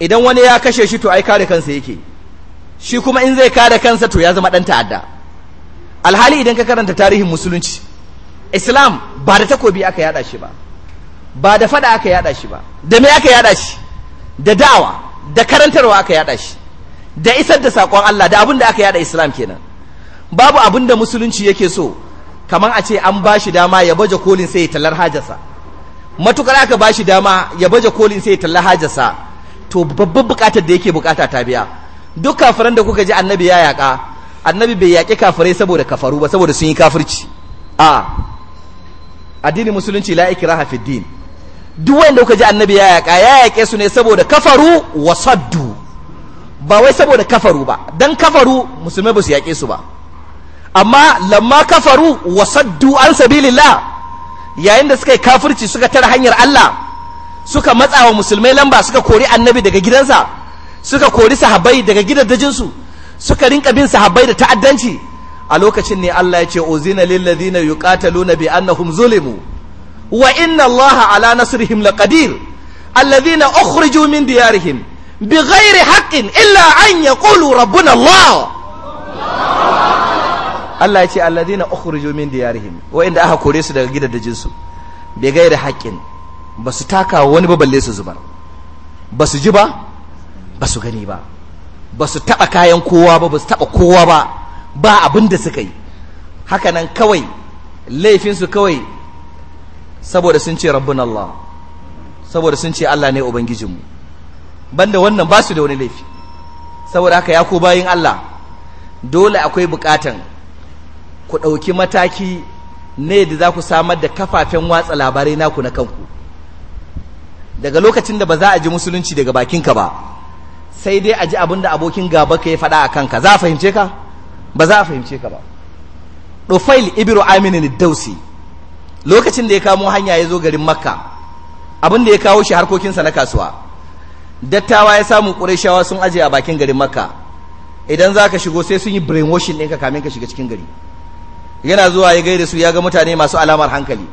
idan wani ya kashe shi to ai kare kansa yake shi kuma in zai kare kansa to ya zama ɗan ta'adda alhali idan ka karanta tarihin musulunci islam ba da takobi aka yada shi ba ba da fada aka yada shi ba da me aka yada shi da da'awa da karantarwa aka yada shi da isar da sakon Allah da abin da aka yada islam kenan babu abin da musulunci yake so kamar a ce an ba shi dama ya baje kolin sai ya tallar hajarsa matukar aka ba shi dama ya baje kolin sai ya tallar hajarsa to babban bukatar da yake bukata ta biya duk kafiran da kuka ji annabi ya yaka annabi bai yaƙi kafirai saboda kafaru ba saboda sun yi kafirci a addinin musulunci la ikira hafiddin din duk wanda kuka ji annabi ya yaƙa ya yaƙe su ne saboda kafaru wa saddu ba wai saboda kafaru ba dan kafaru musulmai ba su yaƙe su ba amma lamma kafaru wa saddu an sabilillah yayin da suka yi kafirci suka tara hanyar Allah suka matsa wa musulmai lamba suka kori annabi daga gidansa suka kori sahabbai daga gidan dajinsu. suka rinka bin sahabbai da ta'addanci a lokacin ne Allah ya ce uzina lil ladina yuqataluna bi annahum zulimu wa inna Allaha ala nasrihim laqadir alladhina ukhriju min diyarihim bighairi haqqin illa an yaqulu rabbuna Allah Allah ya ce alladhina ukhriju min diyarihim wa inda aka kore su daga gidajen su bighairi haqqin basu taka wani ba balle su zubar basu ji ba basu gani ba ba su taɓa kayan kowa ba ba su taɓa kowa ba ba abin da suka yi hakanan kawai laifinsu kawai saboda sun ce rabbin Allah saboda sun ce Allah ne ubangijinmu banda wannan ba su da wani laifi saboda haka ya ku bayin Allah dole akwai bukatan ku ɗauki mataki ne da za ku samar da kafafen watsa labarai naku na kanku daga lokacin da ba za a ji musulunci daga bakinka ba sai dai a ji abin da abokin gaba ka ya faɗa a kanka za a fahimce ka ba za a fahimce ka ba ɗufail ibiru aminin dausi lokacin da ya kamo hanya ya zo garin makka abin da ya kawo shi harkokinsa na kasuwa dattawa ya samu ƙurashawa sun aje a bakin garin makka idan za ka shigo sai sun yi brainwashing ɗinka kamin ka shiga cikin gari yana zuwa ya gaida su ya ga mutane masu alamar hankali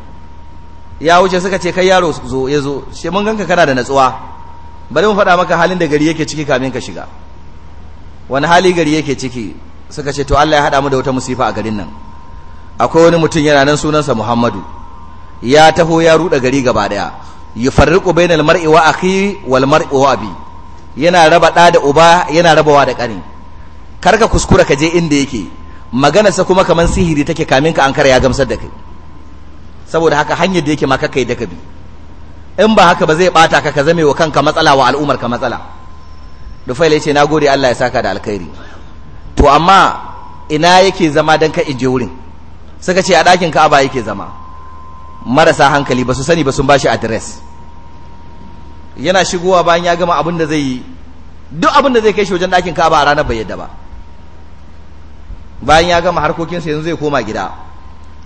ya wuce suka ce kai yaro zo ya zo shi mun ganka kana da natsuwa bari mu faɗa maka halin da gari yake ciki kamin ka shiga wani hali gari yake ciki suka ce to Allah ya haɗa mu da wata musifa a garin nan akwai wani mutum yana nan sunansa Muhammadu ya taho ya ruɗa gari gaba ɗaya yufarriqu bainal mar'i wa akhi wal mar'i wa abi yana raba ɗa da uba yana rabawa da kar karka kuskura ka je inda yake sa kuma kamar sihiri take kamin ka an ya gamsar da kai saboda haka hanyar da yake ma kakai da ka bi in ba haka ba zai bata ka ka zame wa kanka matsala wa alumar ka matsala Rufail ya ce na gode Allah ya saka da alkhairi to amma ina yake zama don ka ije wurin suka ce a ɗakin ka'aba yake zama marasa hankali ba su sani ba sun ba shi adres yana shigowa bayan ya gama abin da zai yi duk abin da zai kai shi wajen ɗakin ka'aba a ranar bai yadda ba bayan ya gama harkokinsa yanzu zai koma gida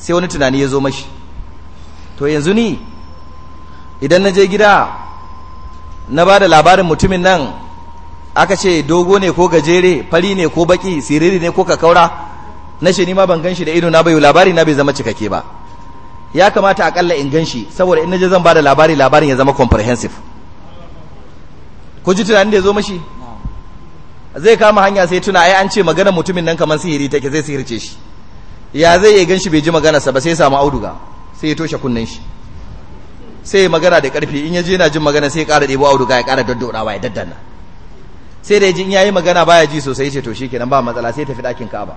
sai wani tunani ya zo mashi to yanzu ni idan na je gida na ba da labarin mutumin nan aka ce dogo ne ko gajere fari ne ko baki siriri ne ko kakaura na shi ni ma ban ganshi da ido na bai labari na bai zama cikakke ba ya kamata akalla in ganshi saboda in naje zan ba da labari labarin ya zama comprehensive ku ji tunanin da ya zo mashi zai kama hanya sai tuna ai an ce magana mutumin nan kamar sihiri take zai sihirce shi ya zai iya ganshi bai ji maganarsa ba sai ya samu auduga sai ya toshe kunnen shi sai magana da karfi in yaje yana jin magana sai ya ƙara ɗebo auduga ya ƙara daddodawa ya daddanna sai da in yayi magana baya ji sosai ce to shikenan ba matsala sai tafi ɗakin Ka'aba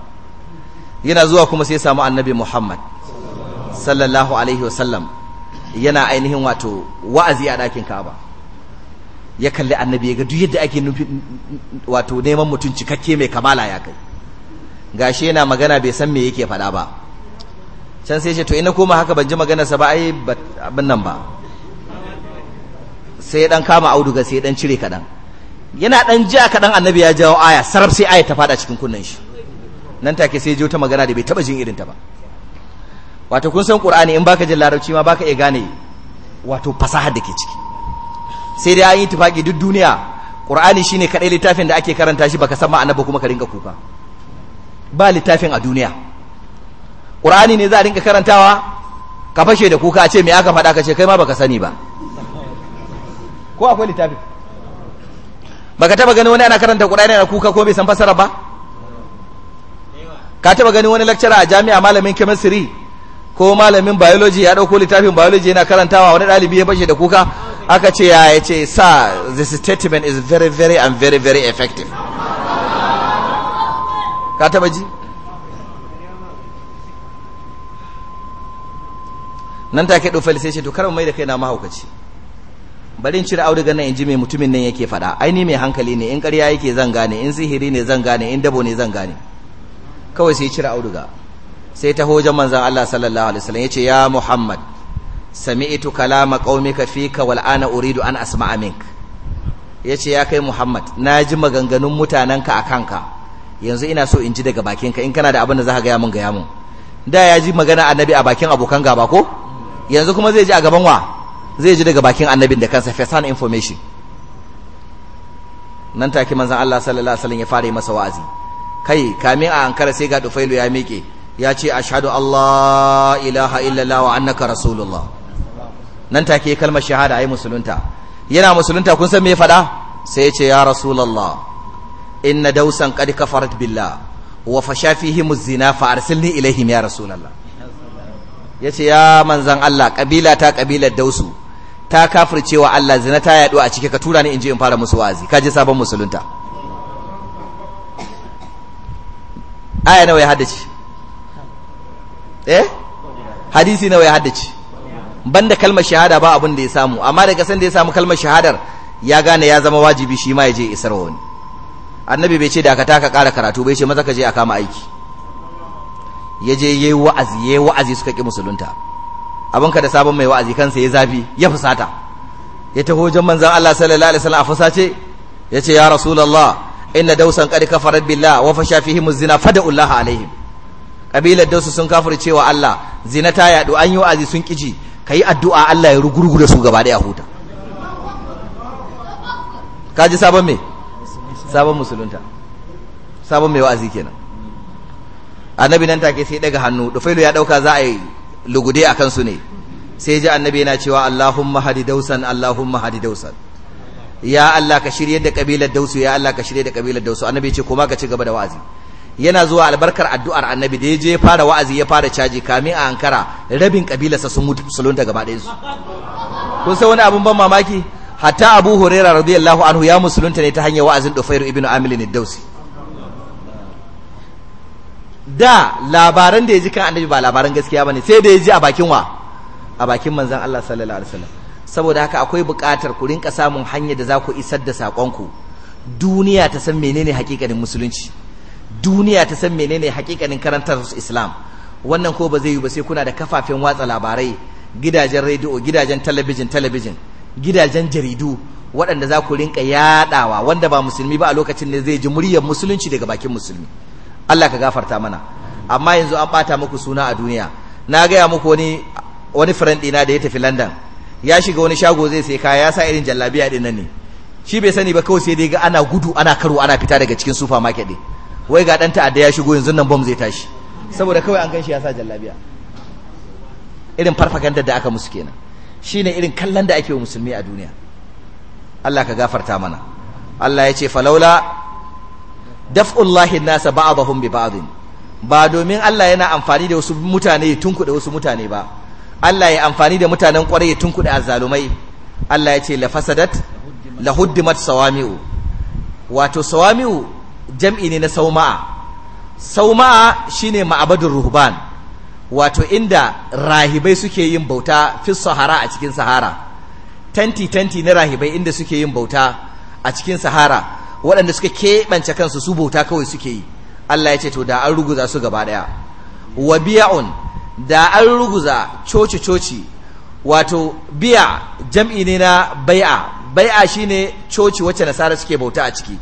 yana zuwa kuma sai ya samu Annabi Muhammad sallallahu alaihi wasallam yana ainihin wato wa'azi a ɗakin Ka'aba ya kalli Annabi ya ga duk yadda ake nufi wato neman mutum cikakke mai kamala ya kai gashi yana magana bai san me yake faɗa ba can sai ce to ina koma haka ban ji maganarsa ba ai abin nan ba sai ya dan kama auduga sai ya dan cire kadan yana dan jiya kaɗan annabi ya jawo aya sarf sai aya ta fada cikin kunnen shi nan take sai ya ta magana da bai taɓa jin irin ta ba wato kun san qur'ani in baka jin larabci ma baka iya gane wato fasahar da ke ciki sai dai an yi tufaki duk duniya qur'ani shine kadai littafin da ake karanta shi baka san ma annabi kuma ka ringa kuka ba littafin a duniya qur'ani ne za a ringa karantawa ka fashe da kuka a ce me aka faɗa ka ce kai ma baka sani ba ko akwai littafin baka taba gani wani ana karanta Qur'ani ana kuka ko bai san fasara ba ka taba gani wani lecturer a jami'a malamin chemistry ko malamin biology ya dauko littafin biology yana karantawa wani dalibi ya bashi da kuka aka ce ya yace sir this statement is very very and very very effective ka taba ji nan take do felicitation to karamu mai da kaina mahaukaci bari in cire auduga nan in ji mai mutumin nan yake faɗa aini mai hankali ne in ƙarya yake zan gane in sihiri ne zan gane in dabo ne zan gane kawai sai cire auduga sai ta hojan manzan Allah sallallahu alaihi wasallam yace ya Muhammad sami'tu kalama qaumika fika wal ana uridu an asma'a mink yace ya kai Muhammad ji maganganun mutananka akanka yanzu ina so in ji daga bakinka in kana da abin da zaka ga mun ga yamun da ya ji magana annabi a bakin abokan gaba ko yanzu kuma zai ji a gaban wa zai ji daga bakin annabin da kansa first hand information nan take manzon Allah sallallahu alaihi wasallam ya fara masa wa'azi kai kamin a ankara sai ga dufailu ya miƙe ya ce ashhadu Allah ilaha illallah wa annaka rasulullah nan take kalmar shahada ai musulunta yana musulunta kun san me fada sai ya ce ya rasulullah inna dausan qad kafarat billah wa fasha fihim az-zina fa arsilni ilaihim ya rasulullah yace ya manzan Allah kabila ta kabilar dausu ta cewa Allah zina ta yaɗu a cike ka tura ni in ji in fara musu wa'azi ka je sabon musulunta aya nawa ya haddace eh hadisi nawa ya haddace banda kalmar shahada ba abin da ya samu amma daga san da ya samu kalmar shahadar ya gane ya zama wajibi shi ma ya je isar wani annabi bai ce da ka taka ƙara karatu bai ce maza ka je a kama aiki ya je yi wa'azi yi wa'azi suka ƙi musulunta abinka da sabon mai wa'azi kansa ya zafi ya fusata ya taho wajen manzon Allah sallallahu alaihi wasallam a fusace ya ce ya rasulullah inna dausan qad kafarat billah wa fasha fihim zina fada'ullaha alaihim kabilar dausu sun kafirce cewa Allah zina ta yadu an yi wa'azi sun kiji kai addu'a Allah ya rugurgu da su gaba da huta kaji sabon me sabon musulunta sabon mai wa'azi kenan annabi nan take sai daga hannu dufailu ya dauka za a yi lugude a kansu ne sai ji annabi yana cewa Allahumma hadi dausan Allahumma hadi dausan ya Allah ka shirye da kabilar dausu ya Allah ka shirye da kabilar dausu annabi ce kuma ka ci gaba da wa'azi yana zuwa albarkar addu'ar annabi da ya je fara wa'azi ya fara caji kamin a ankara rabin sa sun mutu sulun da gaba ɗayansu kun san wani abun ban mamaki hatta abu huraira radiyallahu anhu ya musulunta ne ta hanyar wa'azin dufairu ibnu amil dausi da labaran da ya ji kan annabi ba labaran gaskiya ba ne sai da ya ji a bakin wa a bakin manzan Allah sallallahu alaihi wasallam saboda haka akwai buƙatar ku rinka samun hanya da za ku isar da saƙonku duniya ta san menene hakikanin musulunci duniya ta san menene hakikanin karantar islam wannan ko ba zai yi ba sai kuna da kafafen watsa labarai gidajen rediyo gidajen talabijin talabijin gidajen jaridu waɗanda za ku rinka yaɗawa wanda ba musulmi ba a lokacin ne zai ji muryar musulunci daga bakin musulmi Allah ka gafarta mana amma yanzu an bata muku suna a duniya na gaya muku wani wani friend ɗina da ya tafi London ya shiga wani shago zai sai kaya ya sa irin jallabiya din nan ne shi bai sani ba kawai sai dai ga ana gudu ana karo ana fita daga cikin supermarket din wai ga dan ta'adda ya shigo yanzu nan bomb zai tashi saboda kawai an ganshi ya sa jallabiya irin farfagandar da aka musu kenan shine irin kallon da ake wa musulmi a duniya Allah ka gafarta mana Allah ya ce falaula daf'ullahi nasa ba'dahum bi ba'd ba domin Allah yana amfani da wasu mutane tunkuɗe wasu mutane ba Allah ya amfani da mutanen kwarai tunkuɗe azzalumai Allah ya ce la fasadat la huddimat sawami'u wato sawami'u jam'i ne na sauma'a sauma'a shine ma'abadur ruhban wato inda rahibai suke yin bauta fi sahara a cikin sahara tanti tanti na rahibai inda suke yin bauta a cikin sahara waɗanda suka keɓance kansu su bauta kawai suke yi Allah ya ce to da an ruguza su gaba ɗaya wa biya'un da an ruguza coci coci wato biya jam'i ne na bai'a bai'a shine coci wacce nasara suke bauta a ciki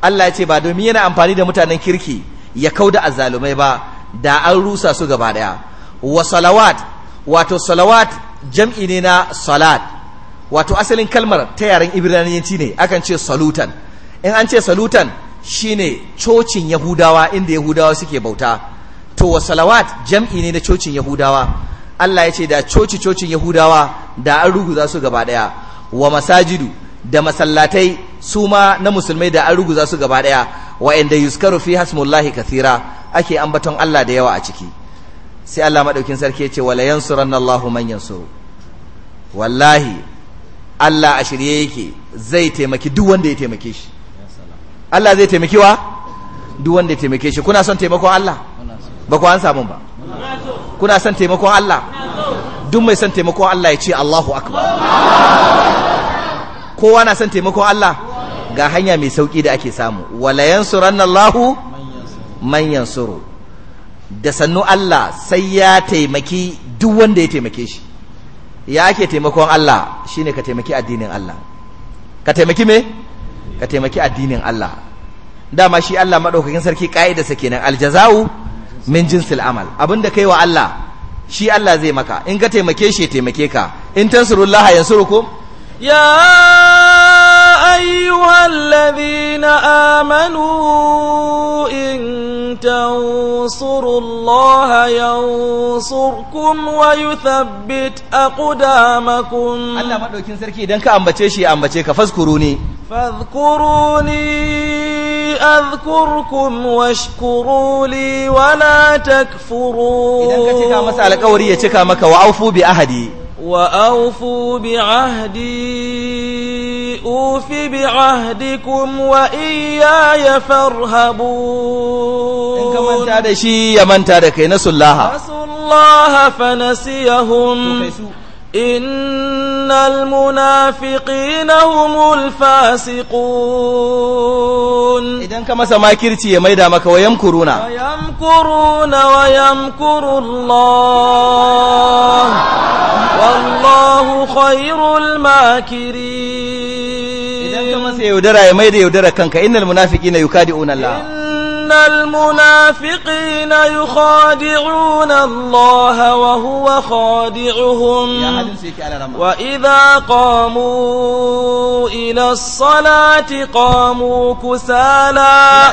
Allah ya ce ba domin yana amfani da mutanen kirki ya kau da azzalumai ba da an rusa su gaba ɗaya wa salawat wato salawat jam'i ne na salat wato asalin kalmar ta yaren ibraniyanci ne akan ce salutan in an ce salutan shine cocin yahudawa inda yahudawa suke bauta to wa jam'i ne na cocin yahudawa Allah ya ce da coci cocin yahudawa da an ruguza su gaba daya wa masajidu da masallatai su ma na musulmai da an ruguza su gaba daya wa'anda yuskaru fi hasmullahi kathira ake ambaton Allah da yawa a ciki sai Allah madaukin sarki ya ce wala Allahu man yansuru wallahi Allah a shirye yake zai taimaki duk wanda ya taimake shi Allah zai taimaki wa duk wanda ya taimake shi kuna son taimakon Allah ba ku an samu ba kuna son taimakon Allah duk mai son taimakon Allah ya ce Allahu akbar kowa na son taimakon Allah ga hanya mai sauki da ake samu wala yansurannallahu man yansuru da sannu Allah sai ya taimaki duk wanda ya taimake shi ya ake taimakon Allah shine ka taimaki addinin Allah ka taimaki me ka taimaki addinin Allah dama shi Allah madaukakin sarki kaidarsa kenan aljazau min jinsil amal abinda kai wa Allah shi Allah zai maka in ka taimake shi taimake ka in tansurullah yansurukum ya ayyuhalladhina amanu in تنصروا الله ينصركم ويثبت أقدامكم الله ambace سركي ambace أمبتشي أمبتشي فاذكروني أذكركم واشكروا لي ولا تكفرون إذا كتك مسألة قوري يتك مك وأوفوا بأهدي وأوفوا بعهدي أوف بعهدكم وإياي فارهبون إن كمان تادشي يمن تادكي نسوا الله نسوا الله فنسيهم إن المنافقين هم الفاسقون إذن كما سماكرتي ميدا مكا ويمكرون ويمكرون ويمكر الله والله خير الماكرين إذن كما يا ميدا يودرى كنك إن المنافقين يكادئون الله المنافقين يخادعون الله وهو خادعهم وإذا قاموا إلى الصلاة قاموا كسالا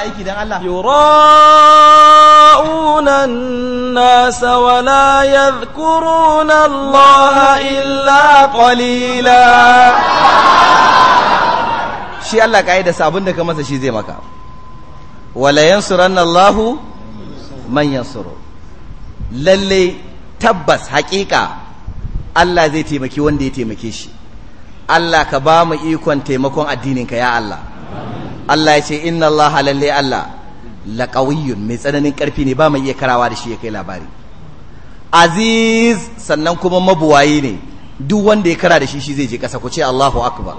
يراءون الناس ولا يذكرون الله إلا قليلا shi Allah ka yi da sabon da ka masa shi zai maka wala yansuranna Allahu man yansuru lalle tabbas haƙiƙa Allah zai taimaki wanda ya taimake shi Allah ka ba mu ikon taimakon addininka ya Allah Allah ya ce inna Allah lalle Allah Laƙawiyyun mai tsananin ƙarfi ne ba mu iya karawa da shi ya kai labari aziz sannan kuma mabuwayi ne duk wanda ya kara da shi shi zai je ƙasa ku ce Allahu akbar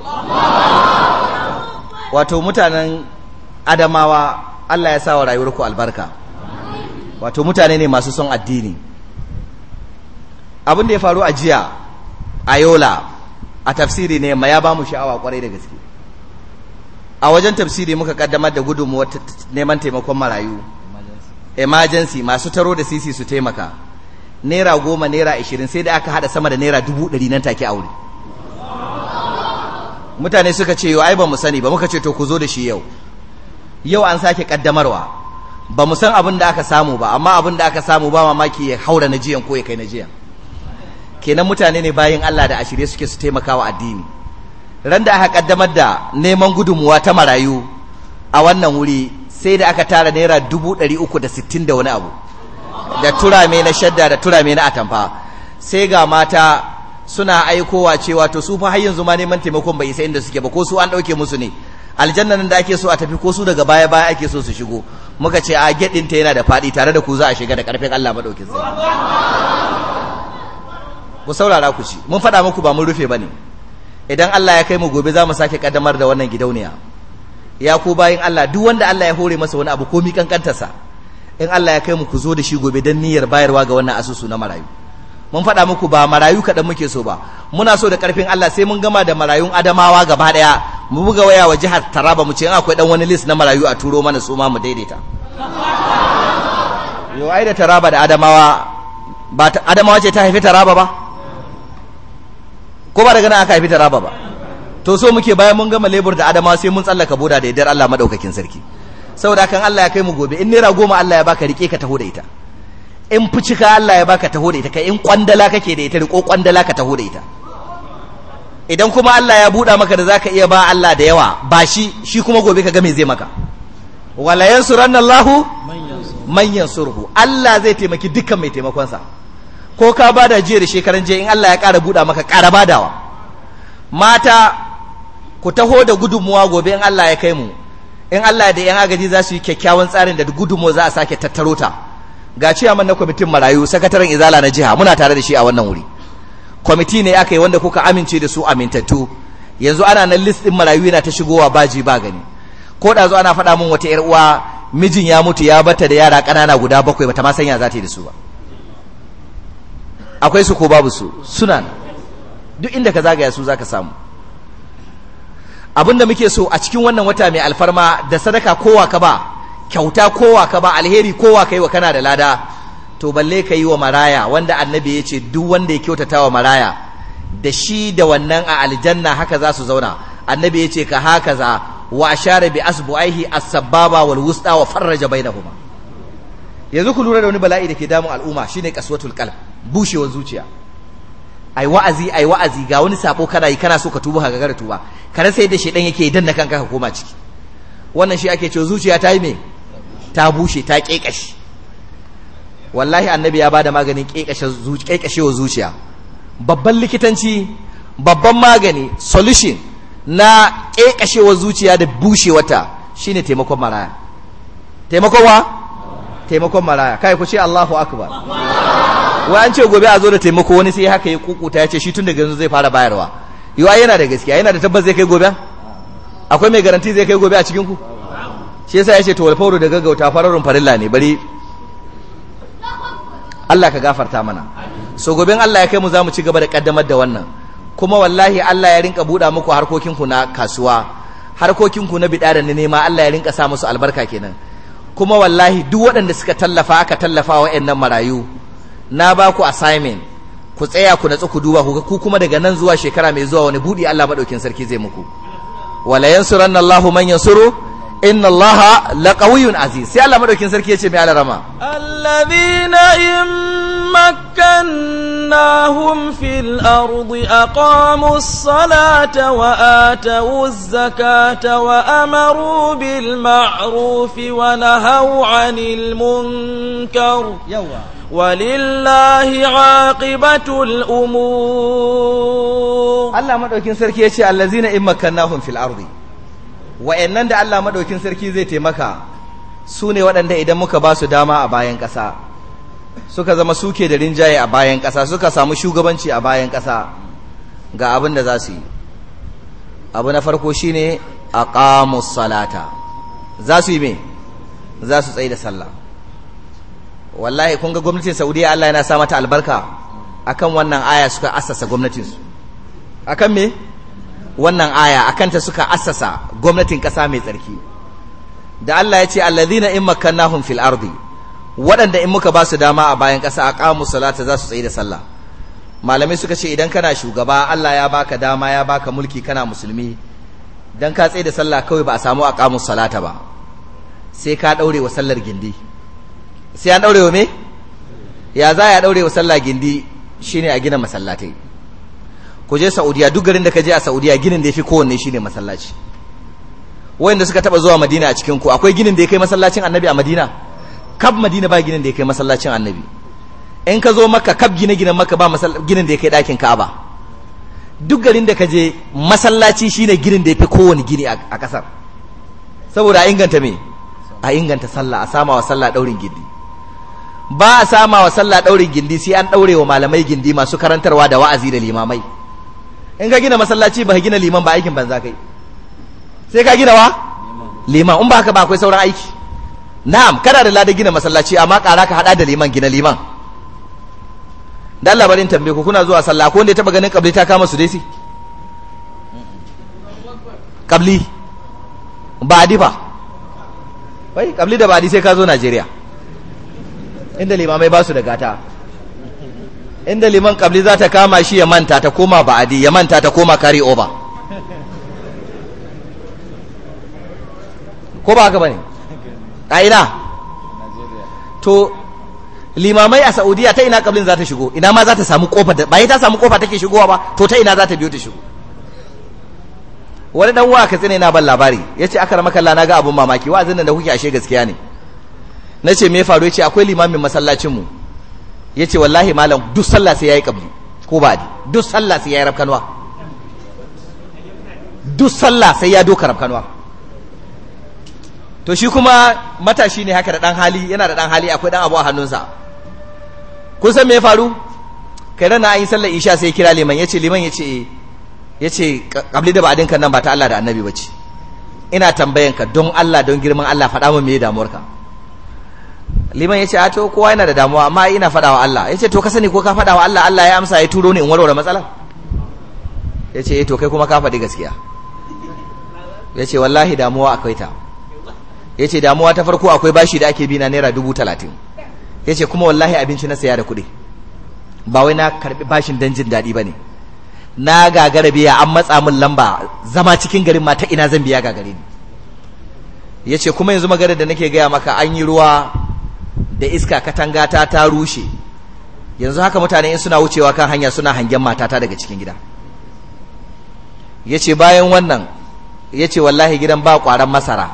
wato mutanen adamawa Allah ya sa wa ku albarka wato mutane ne masu son addini abin da ya faru a jiya a yola a tafsiri ne ma ya ba mu sha'awa kwarai da gaske a wajen tafsiri muka kaddamar da gudunmuwar neman taimakon marayu emergency masu taro da sisi su taimaka naira goma naira ashirin sai da aka hada sama da naira dubu ɗari nan take aure mutane suka ce yau ai ba mu sani ba muka ce to ku zo da shi yau yau an sake kaddamarwa ba mu san abin da aka samu ba amma abin da aka samu ba mamaki ya haura na jiyan ko ya kai na jiyan kenan mutane ne bayan Allah da ashirye suke su taimaka wa addini ran da aka kaddamar da neman gudunmuwa ta marayu a wannan wuri sai da aka tara naira dubu ɗari uku da sittin da wani abu da turame na shadda da turame na atamfa sai ga mata suna aikowa cewa to su fa har yanzu ma neman taimakon bai isa inda suke ba ko su an ɗauke musu ne aljanna nan da ake so a tafi ko su daga baya baya ake so su shigo muka ce a gedin ta yana da fadi tare da ku za a shiga da karfin Allah madaukin sai ku saurara ku ci mun faɗa muku ba mun rufe bane idan Allah ya kai mu gobe za mu sake kaddamar da wannan gidauniya ya ku bayin Allah duk wanda Allah ya hore masa wani abu komi kankantarsa in Allah ya kai mu ku zo da shi gobe dan niyyar bayarwa ga wannan asusu na marayu mun faɗa muku ba marayu kaɗan muke so ba muna so da ƙarfin Allah sai mun gama da marayun adamawa gaba ɗaya mu buga waya wa jihar taraba mu ce in akwai ɗan wani list na marayu a turo mana su ma mu daidaita yau ai da taraba da adamawa ba adamawa ce ta haifi taraba ba ko ba daga nan aka haifi taraba ba to so muke bayan mun gama lebur da adamawa sai mun tsallaka boda da yaddar Allah madaukakin sarki saboda kan Allah ya kai mu gobe in naira goma Allah ya baka rike ka taho da ita in fucika Allah ya baka taho da ita kai in kwandala kake da ita ko kwandala ka taho da ita idan kuma Allah ya buɗa maka da zaka iya ba Allah da yawa ba shi shi kuma gobe ka ga me zai maka wala yansuranna Allahu man yansurhu Allah zai taimaki dukkan mai taimakon sa ko ka bada jiya da shekaran jiya in Allah ya ƙara buɗa maka ƙara badawa mata ku taho da gudunmuwa gobe in Allah ya kai mu in Allah da yan agaji za su yi kyakkyawan tsarin da gudunmuwa za a sake tattaro ta ga ciyaman na kwamitin marayu sakataren izala na jiha muna tare da shi a wannan wuri kwamiti ne aka yi wanda kuka amince da su amintattu yanzu ana nan list din marayu yana ta shigowa baji ba gani ko da zo ana faɗa min wata yar uwa mijin ya mutu ya bata da yara ƙanana guda bakwai bata ma sanya za ta yi da su ba akwai su ko babu su suna duk inda ka zagaya su zaka samu abinda muke so a cikin wannan wata mai alfarma da sadaka kowa ka ba kyauta kowa ka ba alheri kowa ka yi wa kana da lada to balle ka yi wa maraya wanda annabi ya ce duk wanda ya kyautata wa maraya da shi da wannan a aljanna haka za su zauna annabi ya ce ka haka za wa ashara bi asbu'aihi as-sababa wal wusta wa farraja bainahuma yanzu ku lura da wani bala'i da ke damun al'umma shine kaswatul qalb bushewar zuciya ai wa'azi ai wa'azi ga wani sabo kana yi kana so ka tuba ka ga tuba kare sai da shedan yake idan na kanka ka koma ciki wannan shi ake cewa zuciya ta yi me ta bushe ta kekashe wallahi annabi ya bada maganin wa zuciya babban likitanci babban magani solution na wa zuciya da bushewata shine taimakon maraya taimakon wa taimakon maraya kai ku ce Allahu akbar wai an ce gobe a zo da taimako wani sai haka ya kukuta ya ce shi tun daga yanzu zai fara bayarwa yiwa yana da gaskiya yana da tabbas zai kai gobe akwai mai garanti zai kai gobe a cikin ku shi yasa ya ce to walfauru da gaggauta fararun farilla ne bari Allah ka gafarta mana so gobe Allah ya kai mu za mu ci gaba da kaddamar da wannan kuma wallahi Allah ya rinka buɗa muku harkokinku na kasuwa harkokinku na biɗa da nema Allah ya rinka sa musu albarka kenan kuma wallahi duk waɗanda suka tallafa aka tallafa wa wa'annan marayu na ba ku assignment ku tsaya ku natsu ku duba ku ga ku kuma daga nan zuwa shekara mai zuwa wani buɗi Allah madaukin sarki zai muku wala yansuranna Allahu man yansuru inna allaha laqawiyyun aziz sai Allah madaukin sarki yace mai alarama alladhina immakkannahum fil ardi aqamus salata wa atawuz zakata wa amaru bil ma'ruf wa nahaw 'anil munkar yawa ولله عاقبة الأمور الله مدوكين سركي يشي الذين إن مكناهم في wa'annan da Allah madaukin sarki zai taimaka su ne waɗanda idan muka ba su dama a bayan ƙasa suka zama suke da rinjaye a bayan ƙasa suka samu shugabanci a bayan ƙasa ga abin da za su yi abu na farko shi a aqamus salata za su yi me za su tsaye da sallah wallahi kun ga gwamnatin Saudiya Allah yana sa mata albarka akan wannan aya suka assasa gwamnatinsu akan me wannan aya akanta suka assasa gwamnatin ƙasa mai tsarki da Allah ya ce allazina in makkannahum fil ardi waɗanda in muka ba su dama a bayan ƙasa a ƙamu salata za su tsaye da sallah malamai suka ce idan kana shugaba Allah ya baka dama ya baka mulki kana musulmi dan ka tsaye da sallah kawai ba a samu a ƙamu salata ba sai ka ɗaure wa sallar gindi sai an ɗaure wa me ya za ya ɗaure wa sallah gindi shine a gina masallatai ku je saudiya duk garin da ka je a saudiya ginin da ya fi kowanne shi ne masallaci wayanda suka taba zuwa madina a cikin ku akwai ginin da ya kai masallacin annabi a madina kab madina ba ginin da ya kai masallacin annabi in ka zo maka kab gine ginen maka ba ginin da ya kai ɗakin ka'aba duk garin da ka je masallaci shine ginin da ya fi kowane gini a ƙasar saboda a inganta me a inganta sallah a sama wa sallah daurin gindi ba a sama wa sallah daurin gindi sai an daure wa malamai gindi masu karantarwa da wa'azi da limamai in ka gina masallaci ba ka gina liman ba aikin banza kai sai ka gina wa liman in ba ka ba akwai sauran aiki na'am kana da lada gina masallaci amma kara ka hada da liman gina liman dan labarin tambaye ku kuna zuwa sallah ko wanda ya taba ganin kabli ta kama su dai si kabli ba ba wai kabli da ba adi sai ka zo Najeriya inda limamai ba su da gata inda liman kabli za ta kama shi ya manta ta koma ba'adi ya manta ta koma kari over ko ba haka bane a ina to limamai a saudiya ta ina kablin za ta shigo ina ma za ta samu kofa da yi ta samu kofa take shigowa ba to ta ina za ta biyo ta shigo wani danwa wa ka tsine ina ban labari ce aka rama kalla na ga abun mamaki wa'azin nan da kuke ashe gaskiya ne ce me ya faru akwai limamin masallacinmu. ya ce wallahi malam duk sallah sai ya yi kabli ko ba di duk sallah sai ya yi rafkanwa duk sallah sai ya doka rafkanwa to shi kuma matashi ne haka da dan hali yana da dan hali akwai dan abu a hannunsa kun san me ya faru kai na an yi sallar isha sai kira liman ce liman ya ce eh kabli da ba'adin kan nan ba ta Allah da annabi bace ina tambayanka don Allah don girman Allah faɗa min me damuwarka liman ya ce a to kowa yana da damuwa amma ina faɗa wa Allah ya ce to ka sani ko ka faɗa wa Allah Allah ya amsa ya turo ni in warware matsala ya ce eh to kai kuma ka faɗi gaskiya ya ce wallahi damuwa akwai ta ya ce damuwa ta farko akwai bashi da ake bi na naira dubu talatin ya ce kuma wallahi abinci na saya da kuɗi ba wai na karɓi bashin don jin daɗi ba ne na gagara biya an matsa min lamba zama cikin garin ma ta ina zan biya gagare ni ya ce kuma yanzu magana da nake gaya maka an yi ruwa da iska katanga ta ta rushe yanzu haka mutane in suna wucewa kan hanya suna hangen matata daga cikin gida yace bayan wannan yace wallahi gidan ba kwaran masara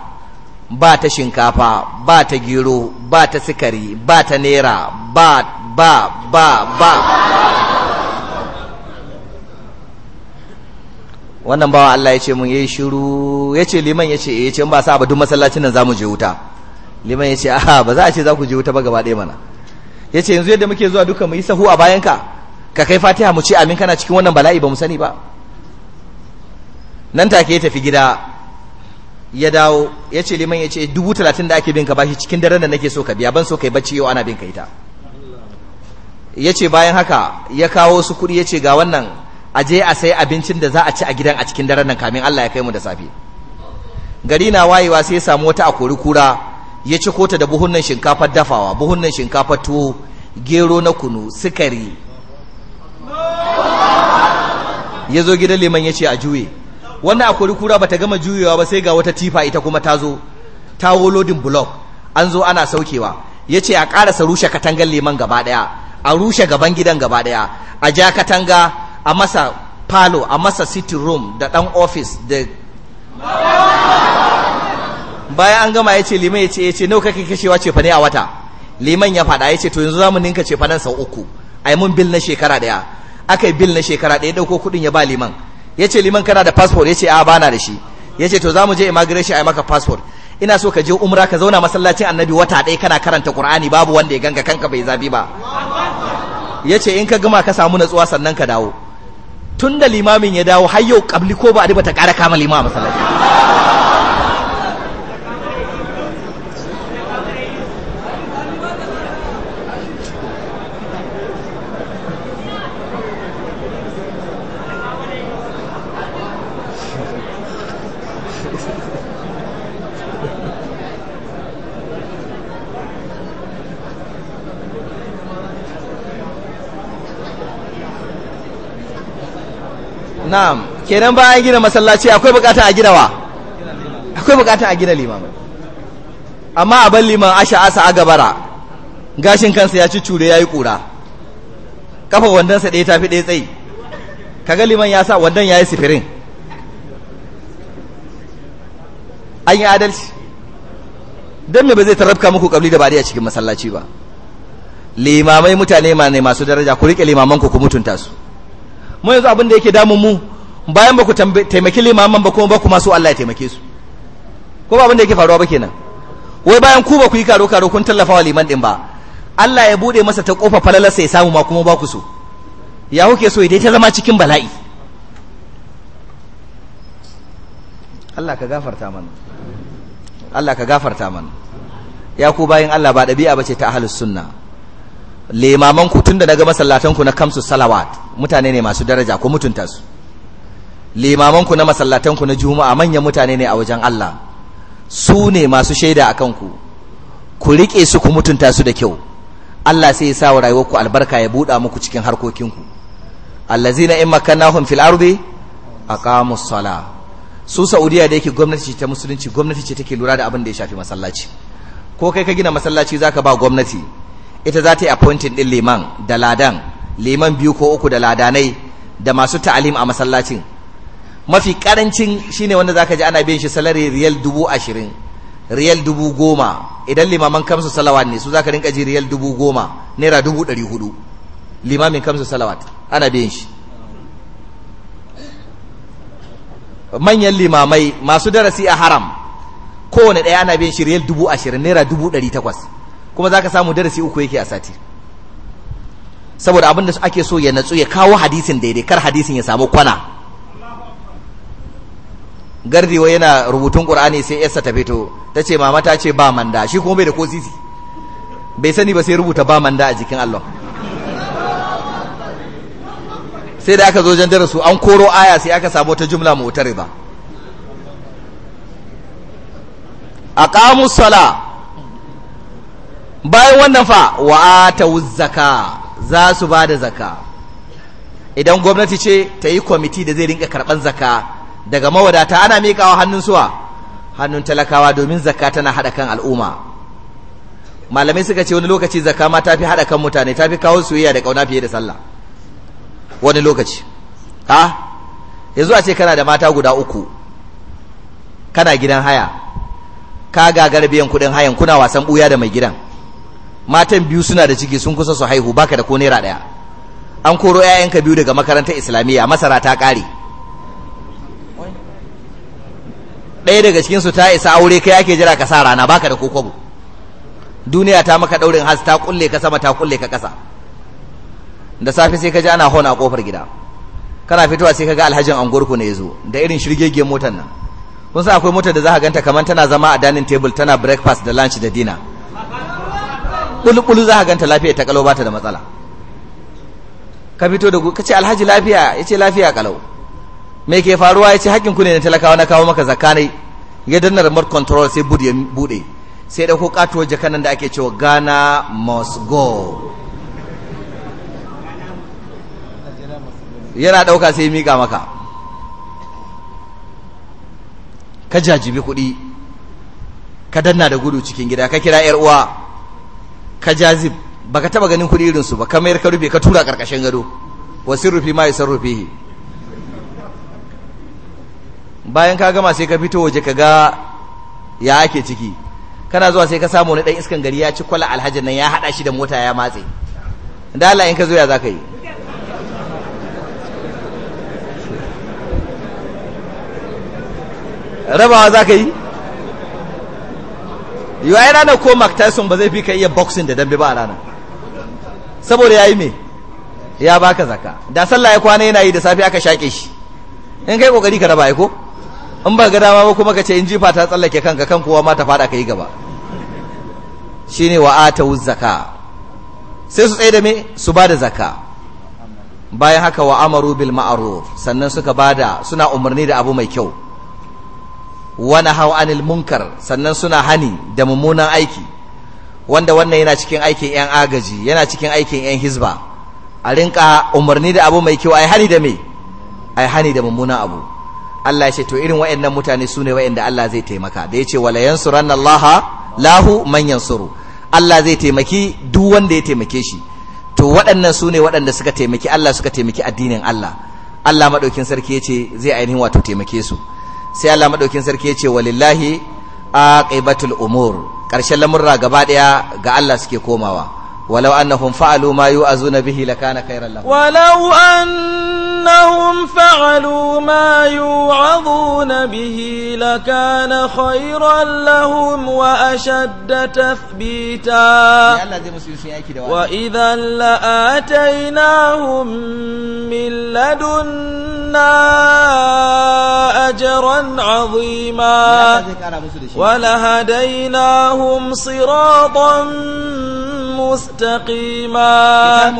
ba ta shinkafa ba ta gero ba ta sikari ba ta nera ba ba ba ba wannan bawa Allah ya ce mun yi shiru ya ce liman ya ce eh, ya ce ba sa abu duk masallacin nan za mu je wuta liman ya ce aha ba za a ce za ku je wuta ba gaba ɗaya mana ya ce yanzu yadda muke zuwa duka mu yi sahu a bayanka ka kai fatiha mu ce amin kana cikin wannan bala'i ba mu sani ba nan take ya tafi gida ya dawo ya ce liman ya ce dubu talatin da ake bin ka bashi cikin daren da nake so ka biya ban so kai bacci yau ana bin ka ita ya ce bayan haka ya kawo su kuɗi ya ce ga wannan a je a sai abincin da za a ci a gidan a cikin daren nan kamin Allah ya kai mu da safe gari na wayewa sai ya samu wata akori kura ya ci kota da buhunan shinkafar dafawa buhunan shinkafar tuwo gero na kunu sukari ya zo gidan liman ya ce a juye wannan akwai kura ba ta gama juyewa ba sai ga wata tifa ita kuma ta zo ta lodin block an zo ana saukewa ya ce a karasa rushe katangar liman gaba daya a rushe gaban gidan gaba daya a ja katanga a masa palo a masa city room da dan office da bayan an gama ya ce liman ya ce ya eh, ce nau kake kashewa ce fane a wata liman ya fada ya ce to yanzu zamu ninka ce fanan sau uku a yi mun bil na shekara daya aka yi bil na shekara daya ɗauko kuɗin ya ba liman ya ce liman kana da passport ya ce a bana da shi ya ce to zamu je immigration yi maka passport ina so ka je umra ka zauna masallacin annabi wata ɗaya kana karanta qur'ani babu wanda ya ganga kanka bai zabi ba ya ce in ka gama ka samu natsuwa sannan ka dawo tun da limamin ya dawo har yau kabli ko ba a ba ta ƙara kama limama a masallaci na'am kenan bayan gina masallaci akwai bukata a gina wa akwai bukata a gina liman amma a ban liman asha asa a gabara gashin kansa ya ci cure ya yi kura kafa wandonsa ɗaya tafi ɗaya tsayi kaga liman ya sa wandon ya yi sifirin an yi adalci don me ba zai tarabka muku kabli da bari a cikin masallaci ba limamai mutane ne masu daraja ku riƙe limamanku ku mutunta su mu yanzu abin da yake damun mu bayan ba ku taimaki limaman ba kuma ba ku masu Allah ya taimake su ko ba abin da yake faruwa ba kenan wai bayan ku ba ku yi karo karo kun tallafa wa liman din ba Allah ya bude masa ta kofa falalarsa ya samu ma kuma ba ku so ya kuke so idan ta zama cikin bala'i Allah ka gafarta mana Allah ka gafarta mana ya ku bayin Allah ba dabi'a bace ta ahlus sunna limaman ku tunda daga masallatan ku na kamsu salawat mutane ne masu daraja ko mutunta su limamanku na masallatanku na juma'a manyan mutane ne a wajen Allah su ne masu shaida a kanku ku riƙe su ku mutunta su da kyau Allah sai ya sa wa rayuwarku albarka ya buɗa muku cikin harkokinku allazina in makannahum fil ardi aqamus sala su saudiya da yake gwamnati ce ta musulunci gwamnati ce take lura da abin da ya shafi masallaci ko kai ka gina masallaci zaka ba gwamnati ita za ta yi appointing din liman da ladan liman biyu ko uku da ladanai da masu ta'alim a masallacin mafi karancin shine wanda zaka ji ana biyan shi salari riyal dubu ashirin riyal dubu goma idan limaman kamsu salawat ne su zaka rinka ji riyal dubu goma naira dubu ɗari hudu limamin kamsu salawat ana biyan shi manyan limamai masu darasi a haram kowane ɗaya ana biyan shi riyal dubu ashirin naira dubu ɗari takwas kuma zaka samu darasi uku yake a sati saboda abin da ake so ya natsu ya kawo hadisin daidai kar hadisin ya samu kwana gardiwa yana rubutun qur'ani sai yasa ta fito ta ce mama ta ce ba manda shi kuma bai da ko sisi bai sani ba sai rubuta ba manda a jikin Allah sai da aka zo jan darasu an koro aya sai aka samu ta jumla motar ba aqamu sala bayan wannan fa wa atawu zakka za su bada zakka idan gwamnati ce ta yi kwamiti da zai rinka karban zaka. daga mawadata ana miƙawa hannun suwa hannun talakawa domin zakka tana haɗa kan al'umma malamai suka ce wani lokaci zakka ma ta fi haɗa kan mutane ta fi kawo soyayya da ƙauna fiye da sallah wani lokaci ha yanzu a ce kana da mata guda uku kana gidan haya ka gagar biyan kuɗin hayan kuna wasan buya da mai gidan matan biyu suna da ciki sun kusa su haihu baka da ko naira ɗaya an koro 'ya'yanka biyu daga makarantar islamiyya masara ta kare. ɗaya daga cikin su ta isa aure kai ake jira ka sa rana baka da kokobo duniya ta maka daurin has ta kulle ka sama ta kulle ka kasa da safe sai ka ji ana hona a kofar gida kana fitowa sai ka ga alhajin angorku ne yazo da irin shirgege motar nan kun san akwai motar da za ka ganta kamar tana zama a dining table tana breakfast da lunch da dinner bulbulu za ka ganta lafiya ta kalau bata da matsala ka fito da ka ce alhaji lafiya ya ce lafiya kalau mai ke faruwa ya ce hakkin ku ne na talakawa na kawo maka zakanai ya danna remote control sai bude ya bude sai da ko katuwa jakan nan da ake cewa Ghana must go yana dauka sai mika maka ka jajibi kuɗi ka danna da gudu cikin gida ka kira yar uwa ka jazib baka taba ganin kuɗi irinsu ba kamar ka rufe ka tura karkashin gado wasu rufi ma ya rufe bayan ka gama sai ka fito waje ka ga ya ake ciki kana zuwa sai ka samu wani dan iskan gari ya ci kwala alhajin nan ya hada shi da mota ya matse da Allah in ka zo ya zaka yi rabawa zaka yi yiwa yana da ko Mark Tyson ba zai fi ka iya boxing da dambe ba a ranar saboda ya yi me ya baka zaka da sallah ya kwana yana yi da safiya aka shake shi in kai kokari ka raba ai ko in ba ga dama ba kuma ka ce in jifa ta tsallake kanka kan kowa ma ta fada ka yi gaba shine wa atawuz zaka sai su tsaye da me su ba da zaka bayan haka wa amaru bil ma'ruf sannan suka da suna umarni da abu mai kyau wa nahaw anil munkar sannan suna hani da mummunan aiki wanda wannan yana cikin aikin yan agaji yana cikin aikin yan hizba a rinka umarni da abu mai kyau ai hani da me ai hani da mummunan abu Allah ya ce to irin wa'annan mutane sune wa'anda Allah zai taimaka da yace wala yansuranna Allah lahu man yansuru Allah zai taimaki duk wanda ya taimake shi to waɗannan ne waɗanda suka taimaki Allah suka taimaki addinin Allah Allah madaukin sarki ya ce zai ainihin wato taimake su sai Allah madaukin sarki ya ce walillahi aqibatul umur karshen lamurra gaba daya ga Allah suke komawa ولو أنهم فعلوا ما يؤذون به لكان خيرا لهم ولو أنهم فعلوا ما يوعظون به لكان خيرا لهم وأشد تثبيتا وإذا لآتيناهم من لدنا أجرا عظيما ولهديناهم صراطا مستقيما مستقيما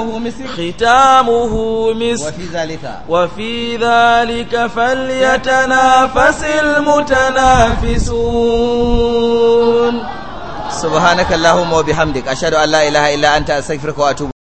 ختامه مسك وفي ذلك, وفي ذلك فليتنافس المتنافسون سبحانك اللهم وبحمدك أشهد أن لا إله إلا أنت أستغفرك وأتوب